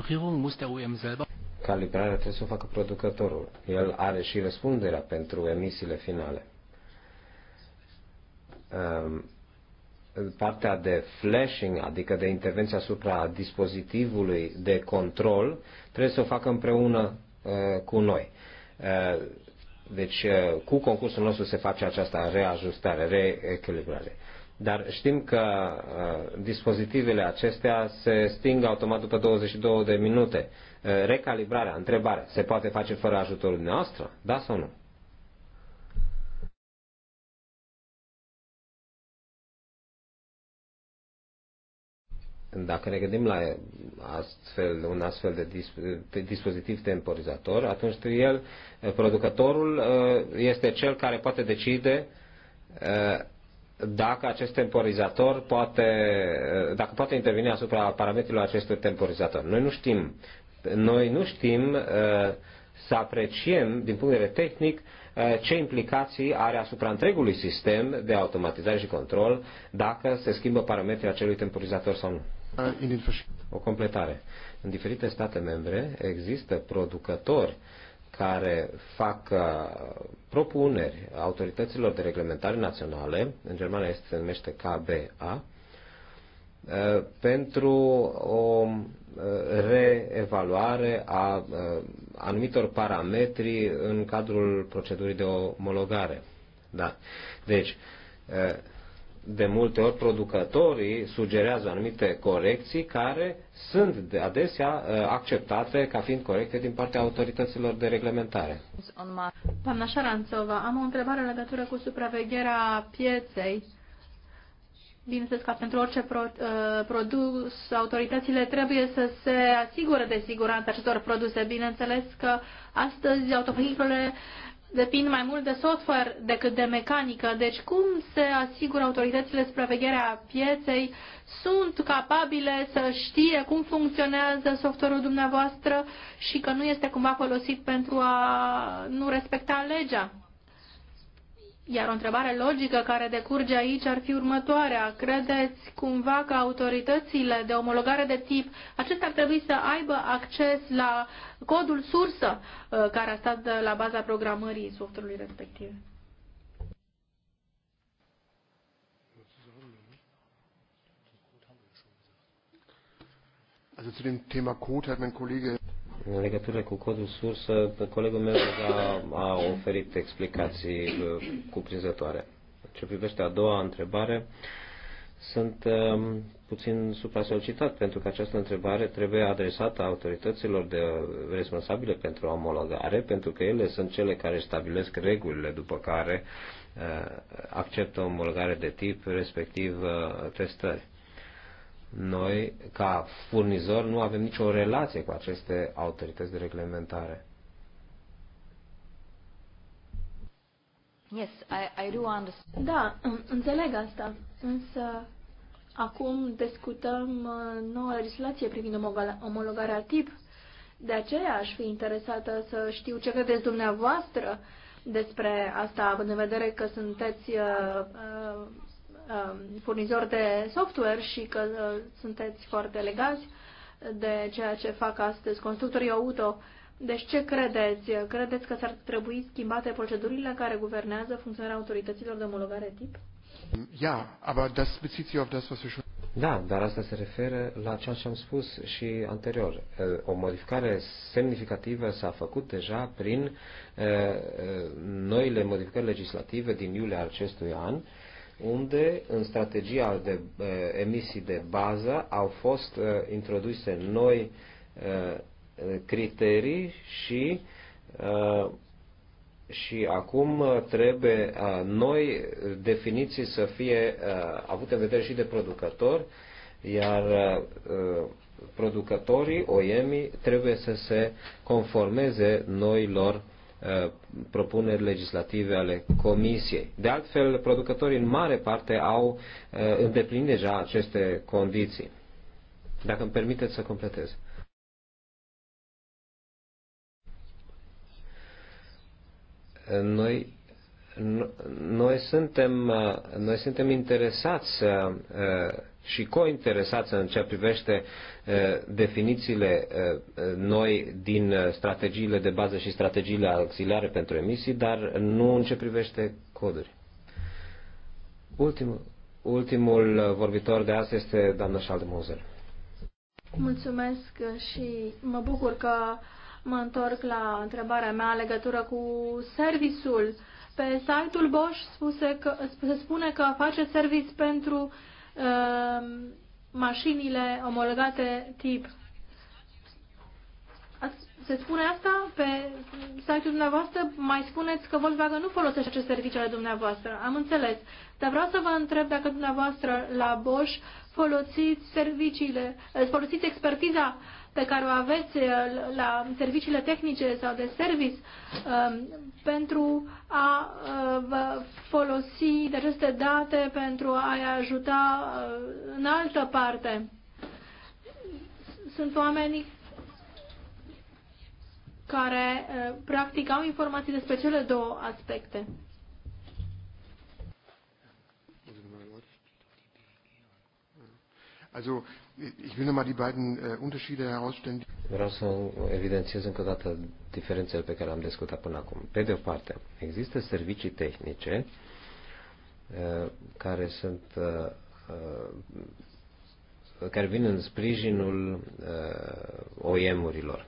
Regierung muss der OEM selber calibrarea trebuie să o facă producătorul. El are și răspunderea pentru emisiile finale. Ehm, partea de flashing, adică de intervenție asupra dispozitivului de control, trebuie să o facă împreună eh, cu noi. Eh, deci, eh, cu concursul nostru se face această reajustare, reechilibrare. Dar știm că uh, dispozitivele acestea se sting automat după 22 de minute Eh, recalibrarea, întrebare, se poate face fără ajutorul dumneavoastră? Da sau nu? Dacă ne gândim la astfel, un astfel de disp- dispozitiv temporizator, atunci el, eh, producătorul, eh, este cel care poate decide dacă acest temporizator poate, dacă poate interveni asupra parametrilor acestui temporizator. Noi nu știm noi nu știm uh, să apreciem, din punct de vedere tehnic, uh, ce implicații are asupra întregului sistem de automatizare și control dacă se schimbă parametrii acelui temporizator sau nu. Uh, o completare. În diferite state membre există producători care fac propuneri autorităților de reglementare naționale, în Germania este, se numește KBA, Uh, pentru o uh, reevaluare a uh, anumitor parametri în cadrul procedurii de omologare. Da. Deci, de multe ori producătorii sugerează anumite corecții care sunt adesea acceptate ca fiind corecte din partea autorităților de reglementare. Doamna Șaranțova, am o întrebare în legătură cu supravegherea pieței Bineînțeles că pentru orice pro, uh, produs, autoritățile trebuie să se asigure de siguranța acestor produse. Bineînțeles că astăzi autovehiculele depind mai mult de software decât de mecanică. Deci cum se asigură autoritățile supravegherea pieței? Sunt capabile să știe cum funcționează software-ul dumneavoastră și că nu este cumva folosit pentru a nu respecta legea? Iar o întrebare logică care decurge aici ar fi următoarea. Credeți cumva că autoritățile de omologare de tip, acestea ar trebui să aibă acces la codul sursă uh, care a stat la baza programării softului respectiv? Also zu dem Thema Code hat mein Kollege în legătură cu codul sursă, colegul meu deja a oferit explicații uh, cuprinzătoare. Ce privește a doua întrebare, sunt um, puțin supra-solicitat pentru că această întrebare trebuie adresată autorităților de responsabile pentru omologare, pentru că ele sunt cele care stabilesc regulile după care uh, acceptă omologare de tip, respectiv uh, testări. Noi, ca furnizor, nu avem nicio relație cu aceste autorități de reglementare. Yes, I, I do understand. Da, înțeleg asta, însă acum discutăm uh, noua legislație privind omologarea tip. De aceea aș fi interesată să știu ce credeți dumneavoastră despre asta, având în vedere că sunteți uh, uh Um, furnizor de software și că uh, sunteți foarte legați de ceea ce fac astăzi constructorii auto. Deci ce credeți? Credeți că s-ar trebui schimbate procedurile care guvernează funcționarea autorităților de omologare tip? Ja, aber das bezieht sich auf das, was wir schon da, dar asta se referă la ceea ce am spus și anterior. Uh, o modificare semnificativă s-a făcut deja prin uh, noile modificări legislative din iulie acestui an unde în strategia de emisii de bază au fost introduse noi criterii și și acum trebuie noi definiții să fie avute în vedere și de producător, iar producătorii, oiemii, trebuie să se conformeze noilor Uh, propuneri legislative ale Comisiei. De altfel, producătorii în mare parte au uh, îndeplinit deja aceste condiții. Dacă îmi permiteți să completez. Noi, noi, suntem, uh, noi suntem interesați să și cointeresați în ce privește definițiile noi din strategiile de bază și strategiile auxiliare pentru emisii, dar nu în ce privește coduri. Ultimul, ultimul vorbitor de azi este doamna Schaldemose. Mulțumesc și mă bucur că mă întorc la întrebarea mea în legătură cu serviciul. Pe site-ul Bosch spuse că, spune că face servici pentru uh, Ehm, mașinile omologate tip. Se spune asta pe site-ul dumneavoastră, mai spuneți că Volkswagen nu folosește acest serviciu ale dumneavoastră. Am înțeles. Dar vreau să vă întreb dacă dumneavoastră la Bosch folosiți serviciile, folosiți expertiza pe care o aveți uh, la serviciile tehnice sau de service um, pentru a uh, vă folosi de aceste date pentru a ajuta uh, în altă parte. Sunt oameni care practic au informații despre cele două aspecte. Also Vreau să evidențiez încă o dată diferențele pe care am discutat până acum. Pe de o parte, există servicii tehnice uh, care sunt uh, uh, care vin în sprijinul OEM-urilor.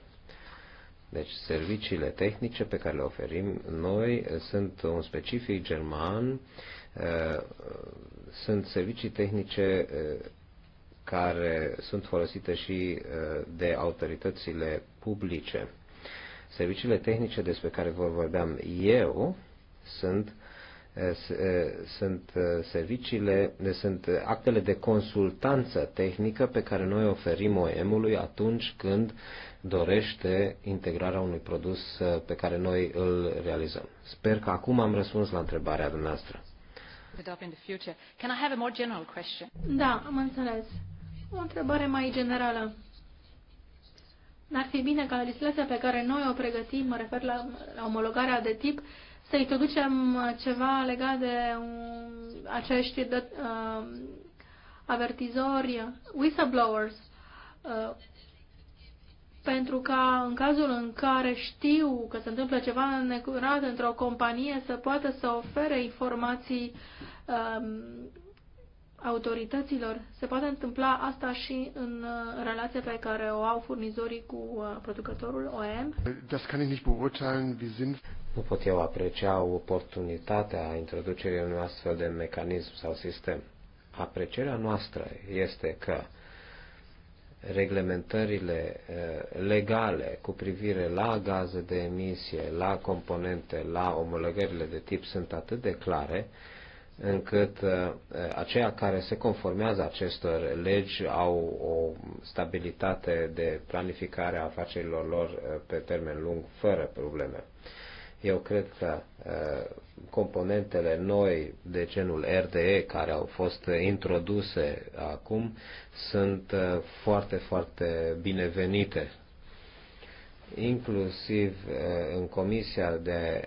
Deci serviciile tehnice pe care le oferim noi sunt un specific german, sunt servicii tehnice care sunt folosite și uh, de autoritățile publice. Serviciile tehnice despre care vă vorbeam eu sunt uh, uh, sunt serviciile, sunt actele de consultanță tehnică pe care noi oferim OEM-ului atunci când dorește integrarea unui produs pe care noi îl realizăm. Sper că acum am răspuns la întrebarea dumneavoastră. Da, am înțeles. O întrebare mai generală. N-ar fi bine ca legislația pe care noi o pregătim, mă refer la, la omologarea de tip, să introducem ceva legat de um, acești de, uh, avertizori, whistleblowers, uh, pentru ca în cazul în care știu că se întâmplă ceva necurat într-o companie să poată să ofere informații uh, autorităților. Se poate întâmpla asta și în uh, relația pe care o au furnizorii cu uh, producătorul OEM? Das kann ich nicht beurteilen, wie sind... Nu pot eu aprecia oportunitatea introducerii unui astfel de mecanism sau sistem. Aprecierea noastră este că reglementările uh, legale cu privire la gaze de emisie, la componente, la omologările de tip sunt atât de clare, încât uh, aceia care se conformează acestor legi au o stabilitate de planificare a afacerilor lor uh, pe termen lung fără probleme. Eu cred că uh, componentele noi de genul RDE care au fost introduse acum sunt foarte, foarte binevenite inclusiv în Comisia de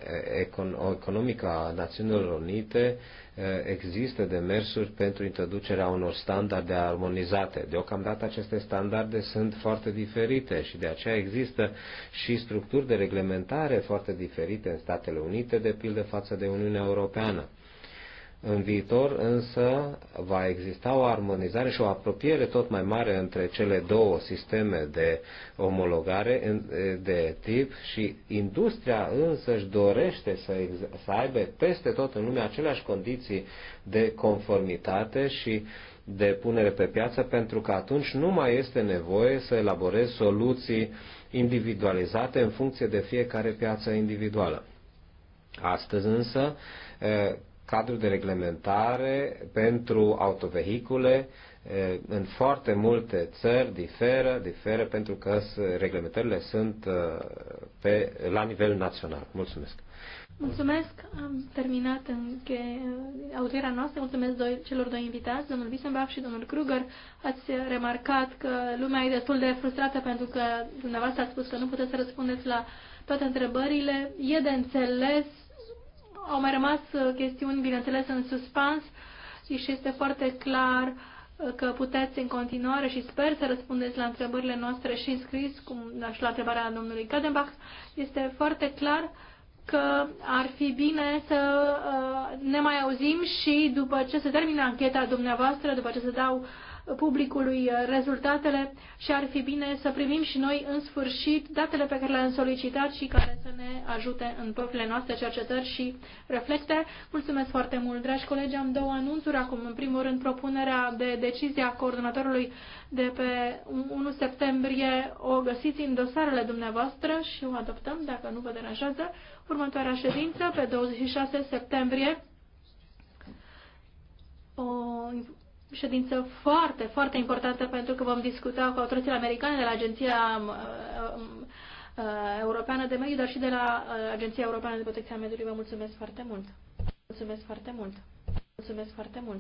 Econ- Economică a Națiunilor Unite, Eh, există demersuri pentru introducerea unor standarde armonizate. Deocamdată aceste standarde sunt foarte diferite și de aceea există și structuri de reglementare foarte diferite în Statele Unite, de pildă față de Uniunea Europeană. În viitor însă va exista o armonizare și o apropiere tot mai mare între cele două sisteme de omologare de tip și industria însă își dorește să, să aibă peste tot în lume aceleași condiții de conformitate și de punere pe piață pentru că atunci nu mai este nevoie să elaborezi soluții individualizate în funcție de fiecare piață individuală. Astăzi însă cadru de reglementare pentru autovehicule în foarte multe țări diferă, diferă pentru că reglementările sunt pe, la nivel național. Mulțumesc! Mulțumesc, am terminat în audierea noastră. Mulțumesc doi, celor doi invitați, domnul Bisenbach și domnul Kruger. Ați remarcat că lumea e destul de frustrată pentru că dumneavoastră ați spus că nu puteți să răspundeți la toate întrebările. E de înțeles au mai rămas uh, chestiuni, bineînțeles, în suspans și este foarte clar uh, că puteți în continuare și sper să răspundeți la întrebările noastre și scris, cum da, și la întrebarea domnului Cadenbach, Este foarte clar că ar fi bine să uh, ne mai auzim și după ce se termină ancheta dumneavoastră, după ce se dau uh, publicului uh, rezultatele și ar fi bine să primim și noi în sfârșit datele pe care le-am solicitat și care să ne ajute în propriile noastre cercetări și reflecte. Mulțumesc foarte mult, dragi colegi. Am două anunțuri acum. În primul rând, propunerea de decizie a coordonatorului de pe 1 septembrie o găsiți în dosarele dumneavoastră și o adoptăm, dacă nu vă deranjează. Următoarea ședință, pe 26 septembrie, o ședință foarte, foarte importantă pentru că vom discuta cu autoritățile americane de la Agenția uh, um, uh, Europeană de Mediu, dar și de la uh, Agenția Europeană de Protecție a Mediului. Vă mulțumesc foarte mult! Mulțumesc foarte mult! Mulțumesc foarte mult!